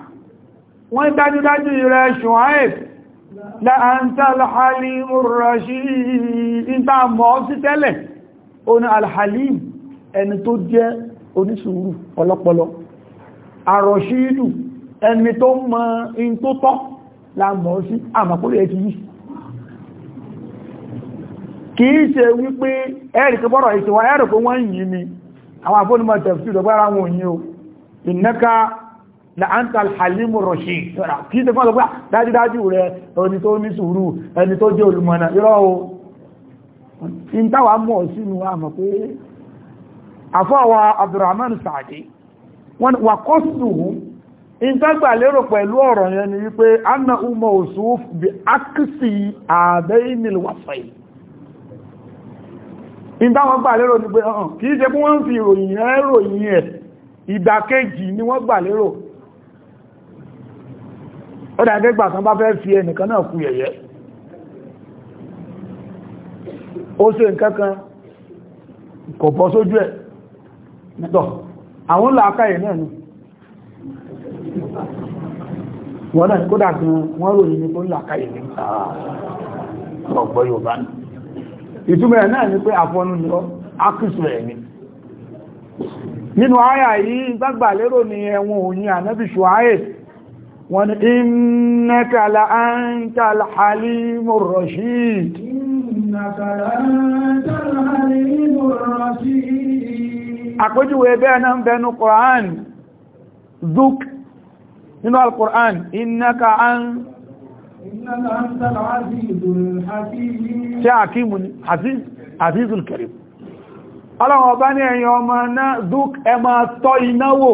wọ́n dájúdájú rẹ̀ ṣùháìf láàntà alhalim rashid ìta mọ́ sí tẹ́lẹ̀ oní alhalim ẹni tó jẹ́ onísùúrù ọlọ́pọlọ àrọ̀ṣídù ẹni tó mọ̀ in tó tọ́ láàmọ́ sí àmàkúrò ẹ̀ ti yìí kìí ṣe wípé ẹ̀rìkì bọ́rọ̀ la anta alhalimu rashid sọ́ra kí ṣe fọ́n lọ́pàá dájúdájú rẹ ẹni tó ní sùúrù ẹni tó jẹ́ olùmọ̀nà irọ́ o in táwà mọ̀ sínú àmọ̀ pé àfọ́wà abdurrahman sa'adi wọ́n wà kọ́sùdùhù in tágbà lérò pẹ̀lú ọ̀rọ̀ yẹn ni wípé anna umar usuf bi akisi àbẹ́yìnil wàfẹ́ in táwọn gbà lérò ni pé kìí ṣe bí wọ́n fi ìròyìn ẹ̀ ìdàkejì ni wọ́n gbà lérò ó dà gẹ́gbà kan bá fẹ́ fi ẹnìkan náà kú yẹ̀yẹ́ ó ṣe nǹkankan kò bọ́ sójú ẹ̀ nítọ̀ àwọn làákàyè náà ni wọ́n náà kódà kan wọ́n ròyìn ní kó làákàyè ní ah, ọgbọ́ Yorùbá ní ìtumọ̀ náà ni pé àfọ́nú ni ọ́ ákùsù ẹ̀ ni ni ẹ̀wọ̀n òyìn ànábìṣù ayé wọ́n ni innaka la anta al-halimu rashid innaka la anta al-halimu rashid àkójúwé bẹ́ẹ̀ náà bẹnu Qur'an zuk nínú al-Qur'an innaka an ṣe àkímù ni azizul karim ọlọ́wọ́ bá ní ẹ̀yàn ọmọ náà zuk ẹ máa tọ́ ináwó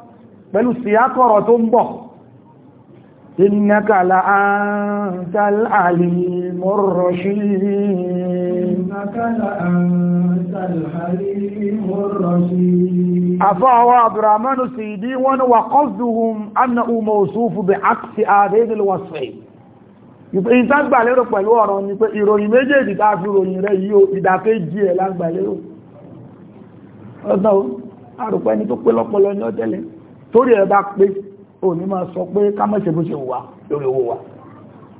pẹ̀lú síyákọ̀rọ̀ tó ń bọ̀ innaka la antal alimur rashid innaka la antal alimur rashid afawa abdurrahman sidi wọn wa qasduhum annahu mawsuf bi aqsi hadhihi alwasfi ìpé ìtàgbàlérò pẹ̀lú ọ̀rọ̀ ni pé ìròyìn méjèèjì tá fi ròyìn rẹ̀ yíò ìdàkéjì ẹ̀ lágbàlérò ọ̀dọ́ àrùpẹ́ni tó pé lọ́pọ̀lọ́ ní ọ̀tẹ́lẹ̀ torí ẹ bá pé o ní máa sọ pé ká má ṣe bó ṣe wà lórí owó wa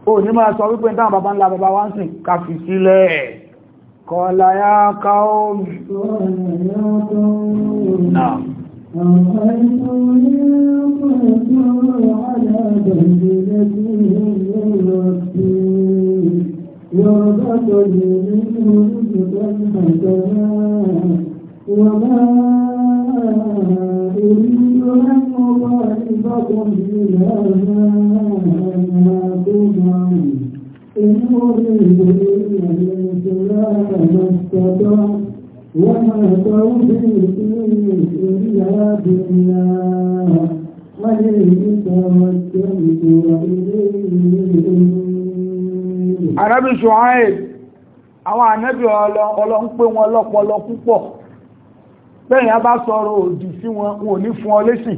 o ní máa sọ wípé táwọn bàbá ńlá bàbá wá ń sìn ká fi sílẹ̀ kọlá yá ká عندكم إلهنا كبرا إن أريد إلا الإسلام ما استطعت وما توفيقي إلا بالله wọn lọ́pọlọ púpọ̀ bẹ́yìn a bá sọ̀rọ̀ òdì sí wọn wọn ò ní fún ọ lésìn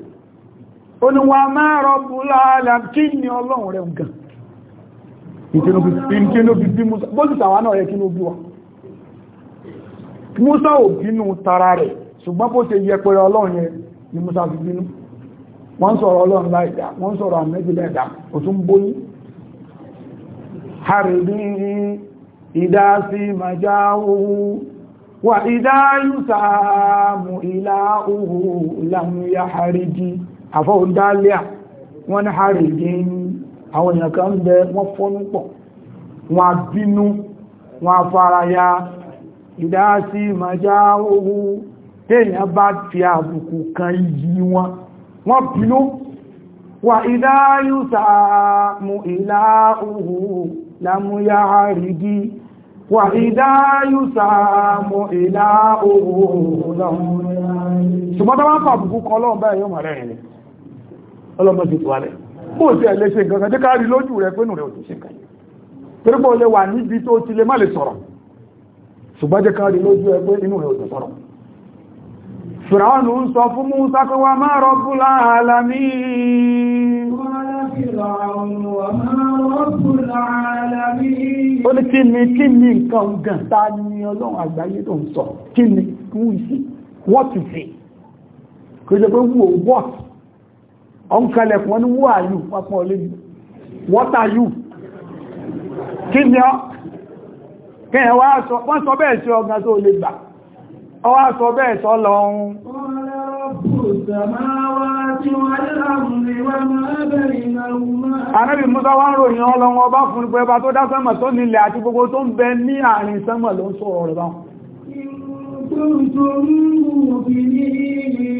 oníwà máa rọ́bù láàlá kí ni ọlọ́run rẹ̀ nǹkan ìkínóbi bí musa bó musa ò bínú tara rẹ̀ ṣùgbọ́n bó ṣe yẹpẹrẹ ọlọ́run yẹ ni musa fi bínú wọ́n sọ̀rọ̀ ọlọ́run láìdá wọ́n sọ̀rọ̀ àmẹ́jì láìdá ò tún bóyí haribin ìdásí majáwó wà ìdáyùsàmù ìlà òhù ìlànà ya hariji àfọ́hùn dálíà wọ́n ní hàrí dín àwọn èèyàn kan bẹ wọ́n fọ́nú pọ̀ wọ́n a bínú wọ́n a fara ya ìdásí màjá owó téèyàn bá fi àbùkù kan yí wọn wọ́n bínú wà ìdáyùsà mú ìlà òhù lámúyá àrídí wà ìdáyùsà mú ìlà òhù lámúyá àrídí ṣùgbọ́n tó bá ń fàbùkù kan lọ́ọ̀ ọlọ́mọ ti tuwa rẹ̀ bó ti ẹ̀ lè ṣe nǹkan kan tí káàrí o lè wà níbi tó ti lè má lè sọ̀rọ̀ ṣùgbọ́n jẹ́ káàrí lójú rẹ̀ pé inú rẹ̀ ò ti ń sọ fún Musa pé máa rọ́bù láàlámí ó ní kí ni kí ni nǹkan gan ta ni ọlọ́run àgbáyé tó ń sọ kí ni kú sí what is it kò jẹ́ pé wo ọ̀nkalẹ̀ fún ọdún who are you pápọ̀ olóyìn what are you kí ni ọ́ kẹ́yẹ̀ wá sọ wọ́n sọ bẹ́ẹ̀ sí ọgbà tó lè gbà ọwá sọ bẹ́ẹ̀ sọ lọ ohun Ànábì Musa wá ń ròyìn ọlọ́run ọba fún pẹ́bà tó dá sánmà tó nílẹ̀ àti gbogbo tó ń bẹ ní àárín sánmà ló ń sọ̀rọ̀ rẹ̀ báwọn.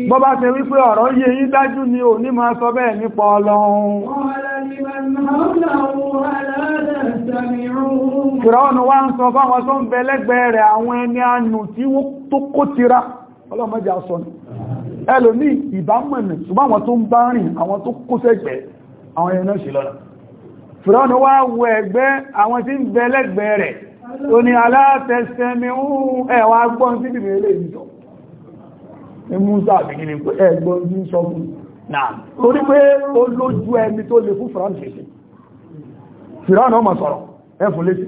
Bọ́ bá ṣe wípé ọ̀rọ̀ yé yí dájú ni ò ní máa sọ bẹ́ẹ̀ nípa ọlọ́run. Fìrọ́nù wá ń sọ fáwọn tó ń bẹ lẹ́gbẹ̀ẹ́ rẹ̀ àwọn ẹni ànù tí ó tó kó tira. Ọlọ́mọdé aṣọ ni. Ẹlòmí ìbámọ̀nà ṣùgbọ́n àwọn tó ń bá rìn àwọn tó kó sẹ́gbẹ̀ẹ́ àwọn ẹni náà ṣe lọ́nà. Fìrọ́nù ó ní alátẹsẹmi ń ẹ̀wà gbọ́n sí ìdìbò ilé ìjọ ní musa àbìkí ni pé ẹgbọ́n sí sọ fún náà torí pé ó lójú ẹni tó lè fún fìrán ṣeṣe fìrán ọmọ sọ̀rọ̀ ẹfùn létí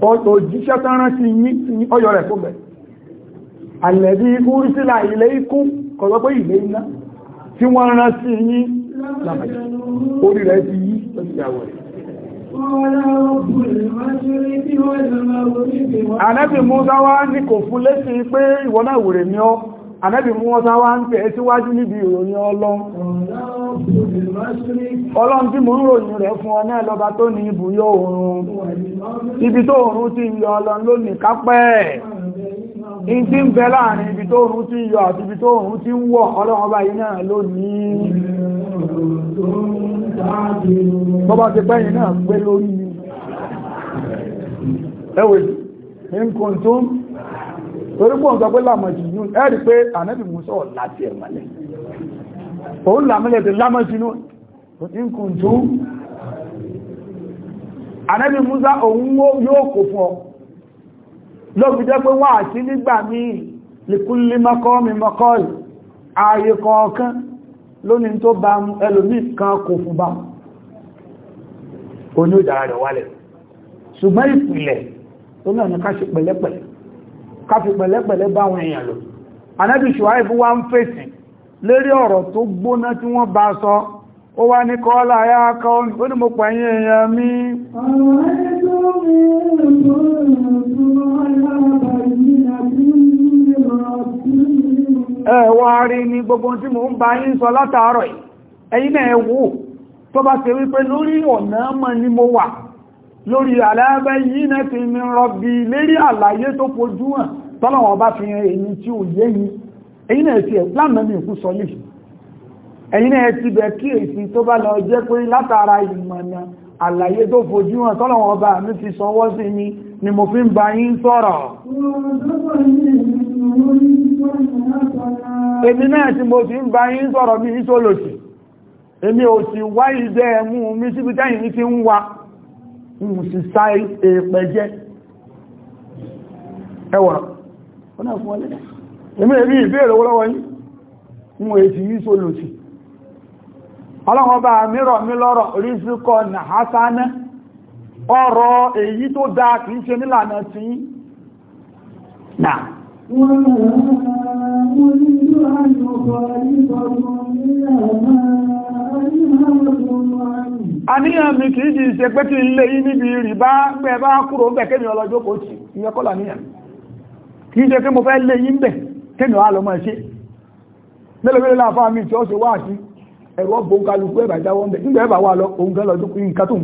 òjíṣẹ́ tán rán sí yí ọyọ rẹ̀ fún bẹ̀. àlẹ̀bí orísílà ilẹ̀ ikú kọ̀lọ́pọ̀ ilẹ̀ iná tí wọ́n rán sí yí lábàjá orí rẹ̀ ti yí lọ́síyàwó rẹ̀ Ànábì Mùsá wá ń tẹ̀ síwájú níbi ìròyìn Ọlọ́run. Ọlọ́run tí mò ń ròyìn rẹ̀ fún ọ náà lọ́ba tó ní ibùyọ oòrùn. Ibi tó oòrùn ti yọ Ọlọ́run ló ní kápẹ́. In ti ń bẹ láàrin ibi tó oòrùn ti yọ àti ibi tó oòrùn ti ń wọ̀ Ọlọ́run ọba yìí náà ló ní. Bọ́bá ti pẹ́yìn náà pé lórí mi. Ẹwẹ̀, in kùntùm torí pọ̀ ń sọ pé lámọ̀jì inú ẹ́rì pé ànábì Mùsá láti ẹ̀mọ̀lẹ̀ òun lámọ̀lẹ̀ tó lámọ̀jì inú ìkùn tó ànábì Mùsá òun yóò kò fún ọ lóbi jẹ́ pé wọ́n àti nígbà míì lìkúlé mọ́kọ́mí mọ́kọ́lì ààyè kọ̀ọ̀kan lónìí tó bá ẹlòmíì ṣùgbọ́n ìpìlẹ̀ tó náà ní ká ṣe pẹ̀lẹ́pẹ̀lẹ́ fi pẹ̀lẹ́pẹ̀lẹ́ bá àwọn èèyàn lò anábì ṣùháìfú wá ń fèsì lérí ọ̀rọ̀ tó gbóná tí wọ́n bá sọ ó wá ní kọ́ọ́lá ayá ká ó ní mo pẹ̀yìn èèyàn mi rí gbogbo tí mo ń bá sọ látàárọ̀ tó bá wípé lórí ọ̀nà mọ́ ni mo wà lórí àlàábẹ́ yìí náà ti mi rọ̀bí lérí àlàyé tó fojú hàn tọ́lọ̀wọ̀n bá fi hàn èyí tí ò yé yìí èyí náà ti ẹ̀pláàn náà ní ìkú sọ yìí ẹ̀yìn náà ti bẹ̀ kí èsì tó bá lọ jẹ́ pé látara ìmọ̀nà àlàyé tó fojú hàn tọ́lọ̀wọ̀n bá mi ti sanwọ́ sí ni ni mo fi ń bá yín sọ̀rọ̀ èmi náà tí mo fi ń bá yín sọ̀rọ̀ ìmùsì sáì èèpẹ̀ eh, jẹ́ ẹwà ọ̀nà fún ọlẹ́ èmì èrí ìbéèrè wọ́lọ́wọ́ yìí mú èsì yìí sólòsì ọlọ́wọ́bá mírọ̀ mí lọ́rọ̀ rísíkọ nà hásánẹ́ ọ̀rọ̀ èyí tó dáa kì í ṣe nílànà tí nà Wọ́n mú ní ìlú àjọ̀kọ̀ ìbọ̀gbọ̀n àníyàn mi kìí jì ṣe pé kí n lè yí níbi ìrìbá pẹ́ bá kúrò ń bẹ̀ kémi ọlọ́jọ́ kò tí ìyẹn kìí ṣe kí mo fẹ́ lè yí ń bẹ̀ kémi ọlọ́mọ ṣe mẹ́lẹ̀mẹ́lẹ̀ mi tí ó ṣe wá sí ẹ̀rọ ẹ̀bà ń bẹ̀ nígbà ẹ̀bà wà lọ òun gẹ́ lọ́jọ́ nǹkan tó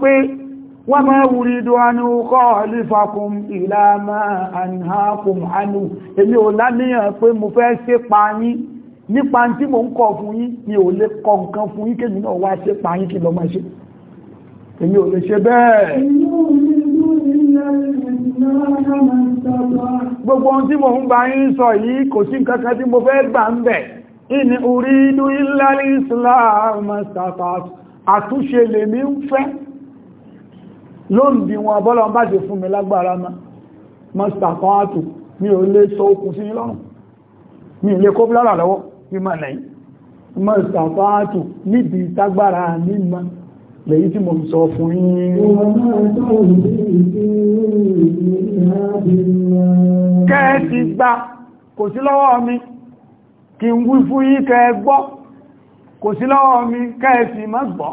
ṣe وما أريد أن أخالفكم إلى ما أنهاكم عنه èmi ò láníyàn pé mo fẹ́ ṣépá yín nípa tí mo ń kọ̀ fún yín mi ò lè kọ nǹkan fún yín kémi náà wá ṣépá yín kí lọ máa ṣe èmi ò lè ṣe bẹ́ẹ̀ gbogbo ohun tí mo ń bá yín sọ yìí kò sí nǹkan tí mo fẹ́ gbà ń bẹ̀ ìní orí ìlú ìlàlẹ́ ìsìláàmù àtúnṣe lèmi ń fẹ́ ló ń bí wọn bọ́lọ̀ bá ṣe fún mi lágbára mọ́sítà kan àtò mi ò lè sọ okùn sí lọ́rùn mi lè kó blára lọ́wọ́ bí ma lẹ́yìn mọ́sítà kan àtò níbi tágbára mímọ́ lèyí tí mo sọ fún yín kẹ́ẹ̀sì gbá kò sí lọ́wọ́ mi kí n wí fún yín kẹ́ẹ̀ gbọ́ kò sí lọ́wọ́ mi kẹ́ẹ̀sì má gbọ́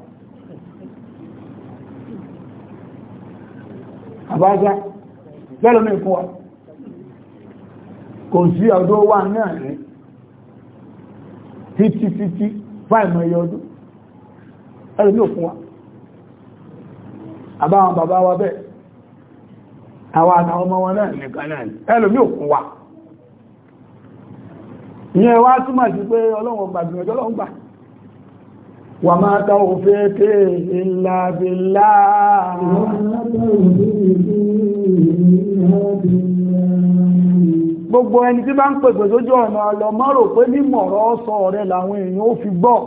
àbájá lẹ́lọ́mí fún wa kò sí ọdún wà náà rẹ̀ títí títí fáìmọ̀ ẹyọ ọdún ẹlùmí ò fún wa àbáwọn bàbá wa bẹ́ẹ̀ àwọn àtàwọn ọmọ wọn náà nìkan náà wa wà máa táwọn fẹ́ tẹ́ gbogbo ẹni tí bá ń pèpè sójú ọ̀nà ọlọ́mọ́ rò pé nímọ̀rọ̀ sọ ọ̀rẹ́ làwọn èèyàn ó fi gbọ́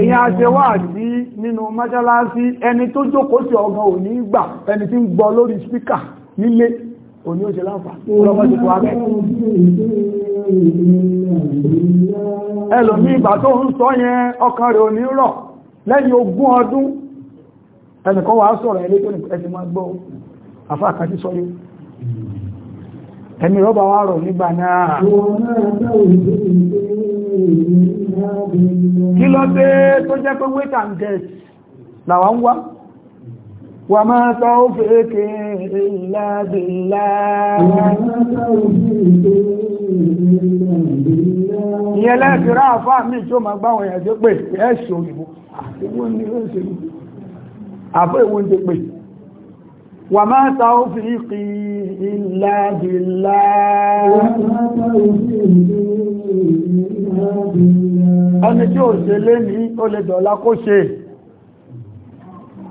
èyàn àṣewà sí nínú mọ́ṣáláṣí ẹni tó jókòó sí ọ̀gán ò gbà ẹni tí ń gbọ́ lórí spíkà nílé onye ó ṣe láǹfààní ọlọ́pàá ti kọ́ abẹ́. ẹlòmí ìgbà tó ń sọ yẹn ọkàn rẹ̀ òní rọ̀ lẹ́yìn ogún ọdún ẹnìkan wà sọ̀rọ̀ ẹlé tó nìkan ẹsẹ̀ máa gbọ́ àfá àkàtí sọ rọ́bà rọ̀ nígbà náà kí tó jẹ́ wait and death ń وما توفيقي إلا بالله ìyẹn lẹ́ẹ̀fì rá àfáà mí tí ó ma gbá wọn ẹ̀jẹ́ pé ẹ̀ṣẹ́ òyìnbó àfẹ́wò ní ẹ̀ṣẹ́ òyìnbó àfẹ́wò ń tẹ pé wà máa ta ó fi ìkì إلا بالله ẹni tí ó ṣe lé ní ó lè dọ̀lá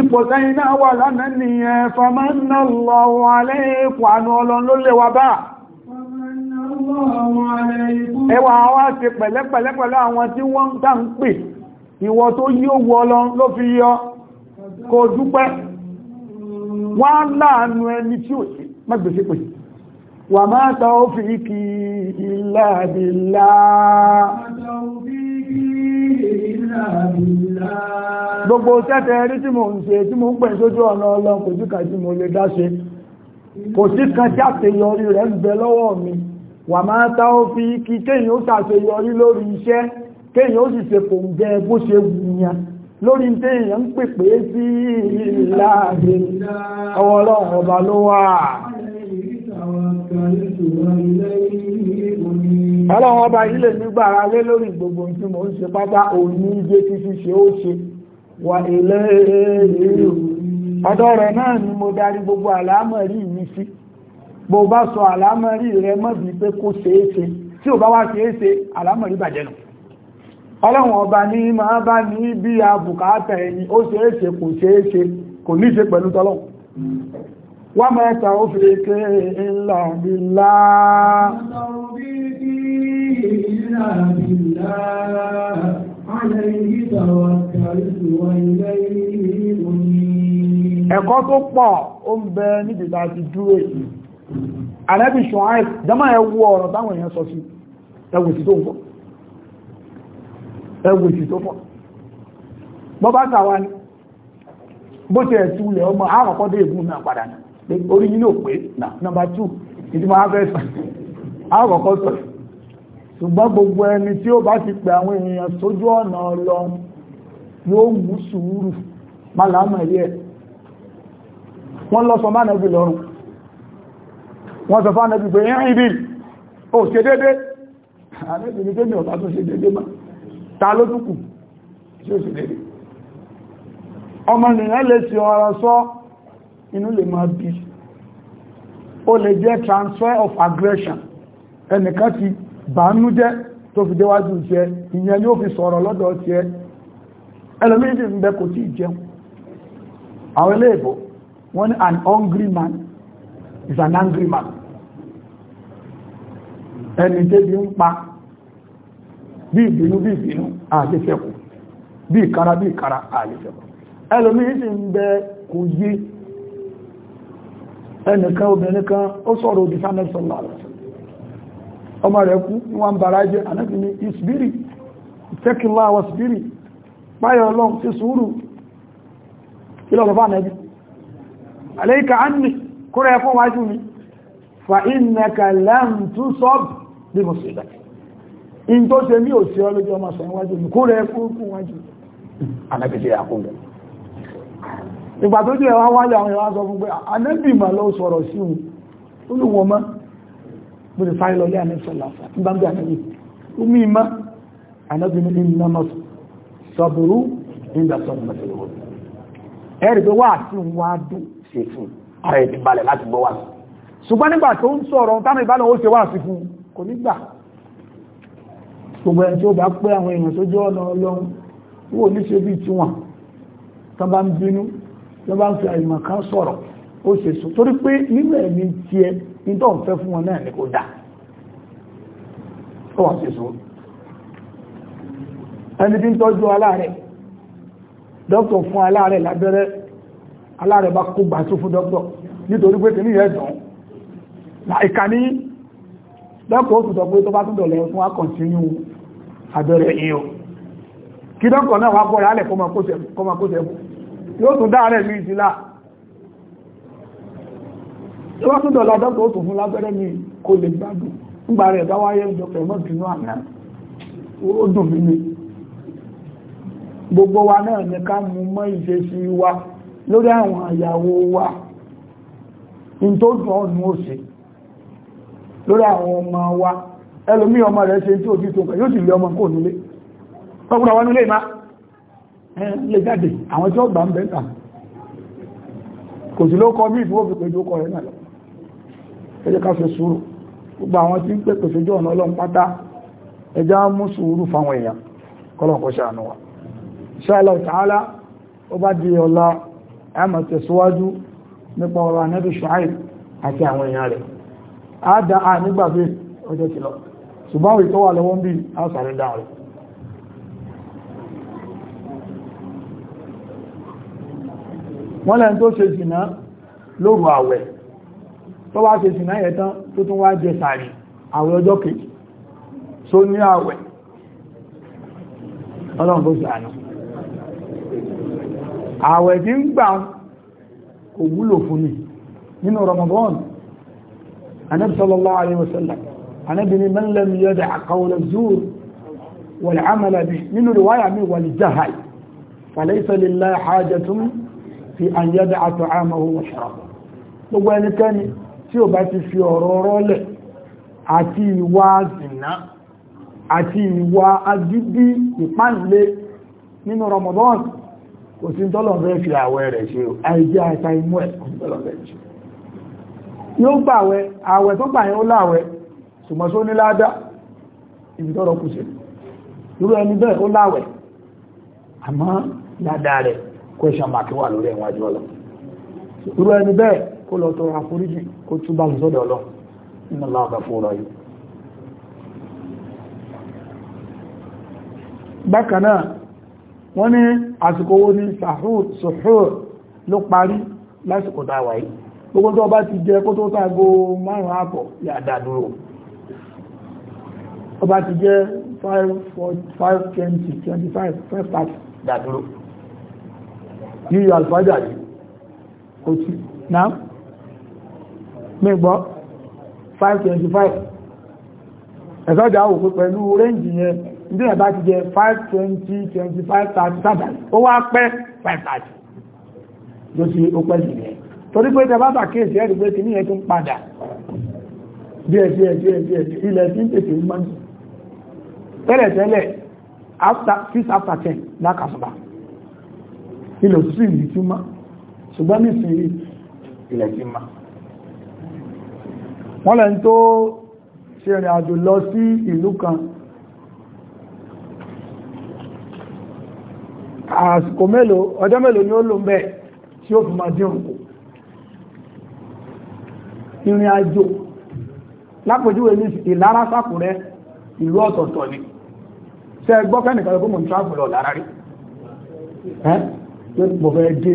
Ipò sẹ́yìn náà wà lánàá nìyẹn, famanna Allahu alaykum àánú ọlọ́run ló lè wà bá. Ẹwà wá ti pẹ̀lẹ́pẹ̀lẹ́ pẹ̀lú àwọn tí wọ́n ń dá ń pè, ìwọ tó yí ó ọlọ́run ló fi yọ, kò dúpẹ́. Wọ́n láàánú ẹni tí ò sí, mẹ́gbèsí pè wà máa tàó fi kí Gbogbo tẹ́tẹ́ rí tí mo ń ṣe tí mo ń pẹ̀ sójú ọ̀nà ọlọ́run kò sí kan tí mo lè dáṣe. Kò sí kan tí àṣeyọrí rẹ̀ ń bẹ lọ́wọ́ mi. Wà máa tá ó fi kí kéyìn ó ṣàṣeyọrí lórí iṣẹ́, kéyìn ó sì ṣe kò ń jẹ bó ṣe wùnyàn lórí téèyàn ń pèpè sí ìlàgbé ọwọ́ ọlọ́run ọba ló wà. ọlọ́run ọba ilé nígbàra lé lórí gbogbo tí mo ń ṣe pátá òní jẹ́ títí ṣe ó ṣe wà ilẹ̀ èrò ọ̀dọ̀ rẹ̀ náà ni mo darí gbogbo àlámọ̀rí mi sí bó bá sọ rẹ mọ́bí pé kó ṣeéṣe tí ò bá wá ṣeéṣe bàjẹ́ ọba ní máa bá ní bí ẹni ó ṣeéṣe kò ṣeéṣe kò ní ṣe pẹ̀lú وما توفيقي إلا بالله Ẹ̀kọ́ tó pọ̀ ó ń bẹ níbi láti dúró èyí. Ànábì Ṣùháì, dámà ẹwú ọ̀rọ̀ táwọn èèyàn sọ sí, tó tó Bọ́bá bó ti ẹ̀ tí ulẹ̀ ọmọ dé ìbú náà padà náà. pé orí yìí ló pé nọ́mbà 2 ìdí máa fẹ́ sọ àkọ́kọ́ sọ ṣùgbọ́n gbogbo ẹni tí ó bá ti pè àwọn èèyàn sójú ọ̀nà Ọlọ́run yóò mú sùúrù málàmà yẹ wọ́n lọ sọ mánàbí lọ́rùn wọ́n sọ fánàbí pé yẹn ìdí ò ṣe dédé àrẹ́bìnrin tó ní ọ̀tá tó ṣe dédé máa ta ló túkù tí ó ṣe dédé ọmọ nìyàn lè ṣe ọ̀rọ̀ sọ́ inú lè máa bí o lè jẹ́ transfer of aggression ẹnìkan ti je jẹ́ tó fi déwájú jẹ ìyẹn yóò fi sọ̀rọ̀ lọ́dọ̀ ti ẹ ẹlòmíjì ń bẹ kò tí jẹun àwọn eléèbò wọ́n ní an hungry man is an angry man ẹni tẹ́bi ń pa bí ìbínú bí ìbínú àlefẹ́kù bí ìkara bí ìkara àlefẹ́kù ẹlòmíjì ń bẹ kò yí ẹnìkan obìnrin kan ó sọ̀rọ̀ òdì sánẹ́sọ̀lá ọmọ rẹ̀ kú wọ́n bára jẹ́ ànábì ní ìsbírì ìtẹ́kìlá wa sbírì páyọ̀ ọlọ́run ti sùúrù ìlọ́lọ́fà nẹ́bí àlẹ́ìkà ánì kúrẹ́ ẹ̀fọ́ wájú mi fa ìnẹ̀kà lẹ́m tú sọ́b bí mo sì dákì in tó ṣe mí ò sí ọlọ́jọ́ ọmọ sọ iwájú mi kúrẹ́ ẹ̀fọ́ wájú anábìsí àkóńgẹ̀ẹ́ ìgbà tó jẹ́ wọ́n wáyé àwọn ìwọ́n sọ fún pé anẹ́bì mà lọ sọ̀rọ̀ sí òun ó lè wọ́n mọ́ bí i fáìlọ lé anẹ́sọ̀lá nígbà bí anẹ́bì ó mí mọ́ anẹ́bì ní ìnáma sọ̀bùrú nígbà sọ̀rọ̀ mẹ́sẹ̀lẹ̀ wọ́n ẹ̀rì pé wà sí òun wá dùn ṣe fún ara ẹ̀ ti balẹ̀ láti gbọ́ wà ṣùgbọ́n nígbà tó ń sọ̀rọ̀ táwọn ìbálẹ̀ ó ṣe wà sí fún kò ní gbà gbogbo ẹni tí ó bá pé àwọn èèyàn tó jẹ́ ọ̀nà ọlọ́run wò ní ṣe bí tiwọn tán bá ń bínú tó bá ń fi àyìnmọ̀ kan sọ̀rọ̀ ó ṣe sùn torí pé nínú ẹ̀mí tiẹ̀ ní tó ń fẹ́ fún wọn náà ní kò dá ó wà ṣe sùn ẹni tí ń tọ́jú aláàrẹ̀ dókítà fún aláàrẹ̀ lábẹ́rẹ́ aláàrẹ̀ bá kó gbà tó fún dókítà nítorí pé kìí yẹ dùn láìka ní dókítà ó sùtọ̀ pé tó bá túnbọ̀ yóò tún dáàrẹ̀ ní ìdílá tí wọ́n tún dọ̀lá dọ́kọ̀ ó tún fún lábẹ́rẹ́ mi kò lè gbádùn ńgbà rẹ̀ bá wáyé ìjọpẹ̀ mọ́ bínú àná ó dùn mí ni gbogbo wa náà ní ká mú mọ́ ìṣesí wa lórí àwọn ìyàwó wa in tó dùn ọ̀nà òsì lórí àwọn ọmọ wa ẹlòmí ọmọ rẹ̀ ṣe tí ó lè jáde àwọn tí ó gbà ń bẹ́ta kò sí ló kọ mí ìfúwò fi pẹ̀lú ọkọ̀ rẹ̀ náà lọ ẹjẹ́ ká ṣe sùúrù gbogbo àwọn tí ń pè pèsè jọ ọ̀nà ọlọ́run pátá ẹjá mú sùúrù fáwọn èèyàn kọlọ̀kọ́ ṣàánú wa ṣáàlá ìtàálá ó bá di ọ̀la ẹmà tẹ̀síwájú nípa ọ̀rọ̀ anẹ́bí ṣáàì àti àwọn èèyàn rẹ̀ á dá a nígbàgbé ọjọ́ ti lọ ṣùgbọ́n ìtọ́wà lọ́wọ́ ń bí á sàrẹ́dà rẹ̀ wọ́n lẹ́n tó ṣe sìná lóru àwẹ̀ tó wá ṣe sìná yẹ tán tó tún wá jẹ sàárì àwẹ̀ ọjọ́ kejì só ní àwẹ̀ ọlọ́run tó ṣàánú àwẹ̀ tí ń gbà kò wúlò fún mi nínú Ramadan Ànábì sallallahu alaihi wasallam Ànábì ní man fi an yada'a ta'amahu wa sharabahu gbogbo ẹnikẹ́ni tí ó bá ti fi ọ̀rọ̀ rọ́lẹ̀ àti ìwà zìnà àti ìwà agídí ìpánlé nínú Ramadan kò sí tọ́lọ̀fẹ́ fi àwẹ̀ rẹ̀ ṣe àìjẹ́ àìta imú ẹ̀ yóò gbà àwẹ̀ àwẹ̀ tó gbà yẹn ó láwẹ̀ ṣùgbọ́só ní ládá question mark wà lórí ẹ̀wọ̀n àjọ ọlọ́ irú ẹni bẹ́ẹ̀ kó lọ tọrọ àforíjì kó túbà lọ sọ́dọ̀ ọlọ́ nínú láàbà fún ọ̀rọ̀ yìí bákan náà wọ́n ní àsìkò owó ní sàhúr ló parí lásìkò dáwà yìí gbogbo tó bá ti jẹ kó tó sáàgó márùn-ún àpọ̀ yàdá dúró ó bá ti 25 5 dàdúró yíyọ alfájà rí ó ti náà mẹ́gbọ́ 525 ẹ̀sọ́jà wò pé pẹ̀lú rẹ́ǹjì yẹn ní ẹ̀bá ti jẹ 520 25 30 sábàá ó wá pẹ́ 530 ló ti ó pẹ́ sí yẹn torí pé tẹbá bà kéèsì ẹ̀rì pé kì ní ẹ̀ tó ń padà díẹ̀ díẹ̀ díẹ̀ díẹ̀ ilẹ̀ tí ń tètè mọ́jú tẹ́lẹ̀ tẹ́lẹ̀ after 6 after 10 lákàtúbà ilẹ̀ sí ìlú tí má ṣùgbọ́n nísìnyí ilẹ̀ tí má wọ́n lẹ́n tó ṣe ìrìn àjò lọ sí ìlú kan àsìkò mélòó ọjọ́ mélòó ni ó lò mẹ́ tí ó fi máa dín òkú ìrìn àjò lápòjúwé ní ìlara sákùnrẹ́ ìlú ọ̀tọ̀ọ̀tọ̀ ni ṣe gbọ́kẹ́ nìkan lọ́gbọ́n mọ̀ ní tráfù lọ lára rí ẹ́ pé mo fẹ́ dé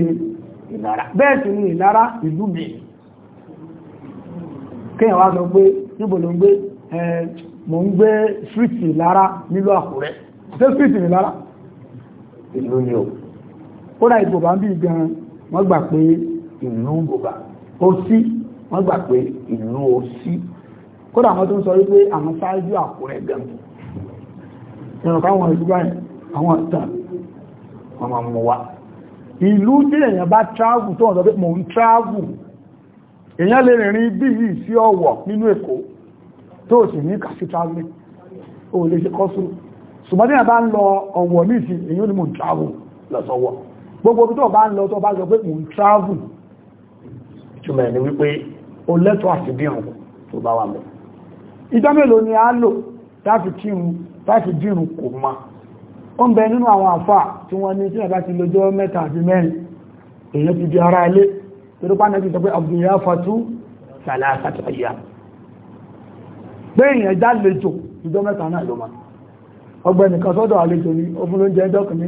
ìlara bẹ́ẹ̀ sì ni ìlara ìlú mi kéèyàn wá sọ pé níbo ló ń gbé mo ń gbé fíìtì ìlara nílùú Àkúrẹ́ ṣé fíìtì ìlara ìlú ni o kódà ìbòbá ń bí gan wọ́n gbà pé ìlú bòbá ó sí wọ́n gbà pé ìlú ó sí kódà àwọn tó ń sọ wípé àwọn ṣáájú Àkúrẹ́ gan ẹ̀rọ káwọn ìlú àwọn ìtàn wọn máa mú wa ìlú tí èyàn bá travel tó ọ̀dọ̀ pé mò ń travel èyàn lè rìn bí yìí sí ọwọ̀ nínú èkó tó sì ní kàsí traveling o lè ṣe kọ́sù ṣùgbọ́n bá ń lọ ọwọ̀ ní ìsìn èyàn ni mò ń travel lọ́sọ̀wọ̀ gbogbo tó bá ń lọ tó bá sọ pé travel ni wípé àti bí ó ń bẹ nínú àwọn àfà tí wọ́n ní tí wọ́n bá ti lójọ́ mẹ́ta àti mẹ́rin èyàn ti di ara ilé torípa náà ti sọ pé àbúyá fatú sàlásàtì àyà pé èyàn já lejò ìjọ mẹ́ta náà ló ma ọgbẹ̀nì kan sọ́dọ̀ àlejò ní ọfún ló ń jẹ jọ́kìní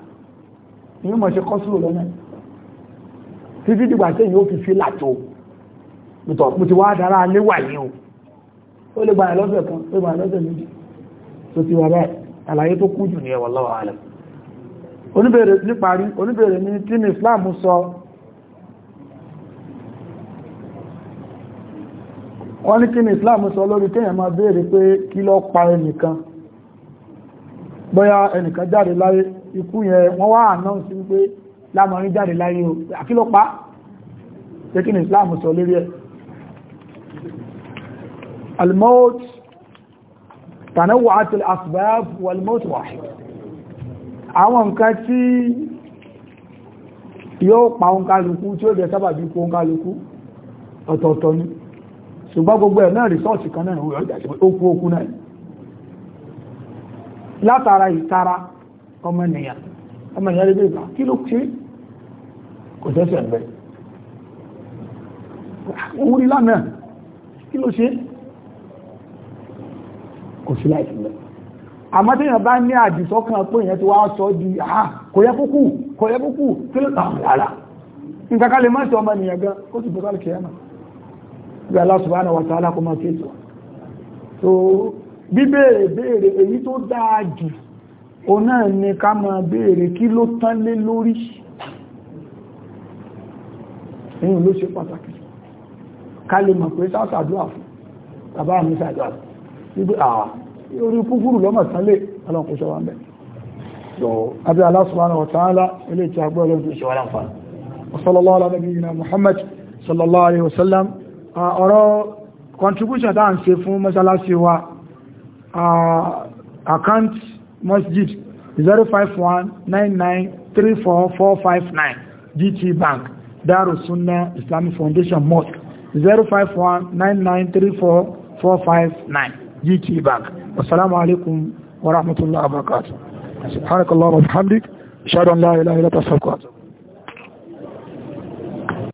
èyí mọ̀ ṣe kọ́sùrù lọ́nà títí dìgbà tí èyí ó fi fi làtò ìtọ̀ mo ti wá dára léwà yìí o ó lè gbàyà lọ́sẹ̀ kan lè gbàyà lọ́sẹ̀ méjì tó ti wà báyìí àlàyé tó kú jù ní ẹwà lọ́wọ́ alẹ́ oníbèrè ní parí oníbèrè ní tí ní Islam sọ wọ́n ní kí ní Islam sọ lórí kéèyàn máa béèrè pé kí ló pa ẹnìkan ikú yẹn wọ́n wá ànáǹsì wípé lámọ̀rin jáde láyé o àkílọ́pá tẹ́kí ní islam sọ lórí ẹ̀ almout tanawwa'at al-asbab walmout wahid àwọn nǹkan tí yóò pa oǹkàlùkú tí ó jẹ sábàbí kú oǹkàlùkú ọ̀tọ̀ọ̀tọ̀ ni ṣùgbọ́n gbogbo ẹ̀ náà rìsọ́ọ̀sì kan náà ó kú okú náà látara ìtara ọmọ ènìyàn ọmọ ènìyàn lè bèèrè kí ló ṣe kò tẹ́sẹ̀ ẹ̀gbẹ́ òun rí lánàá kí ló ṣe kò sí láìsí lẹ́ àmọ́ tí èèyàn bá ní àdìsọ́kàn pé èèyàn ti wá sọ di àá kò yẹ kúkú kò yẹ kúkú kí ló tàn rárá nǹkan ká lè má ṣe ọmọ ènìyàn gan kó sì bọ́ sálì kìí ẹ̀mà bí Allah subhanahu wa ta'ala kó máa kéètò so bíbéèrè béèrè èyí tó dáa jù o náà ni ká máa béèrè kí ló tán lé lórí èyàn ló ṣe pàtàkì ká lè mọ̀ pé sáàsàdúwà fún bàbá àmì sáàdúwà nígbé àwà orí púpùrù lọ́mọ̀ tán lè alákòóṣọ́ wa mẹ́ abẹ́ Allah subhanahu wa ta'ala ilé ìtì account masjid 051-99-34459 GT Bank Darussunnah Islamic Foundation Mosque 051-99-34459 GT Bank Assalamu alaikum wa rahmatullahi wa barakatuh. Subhanakallah wa bihamdik. Shadon la ilaha illa tasawwaqat.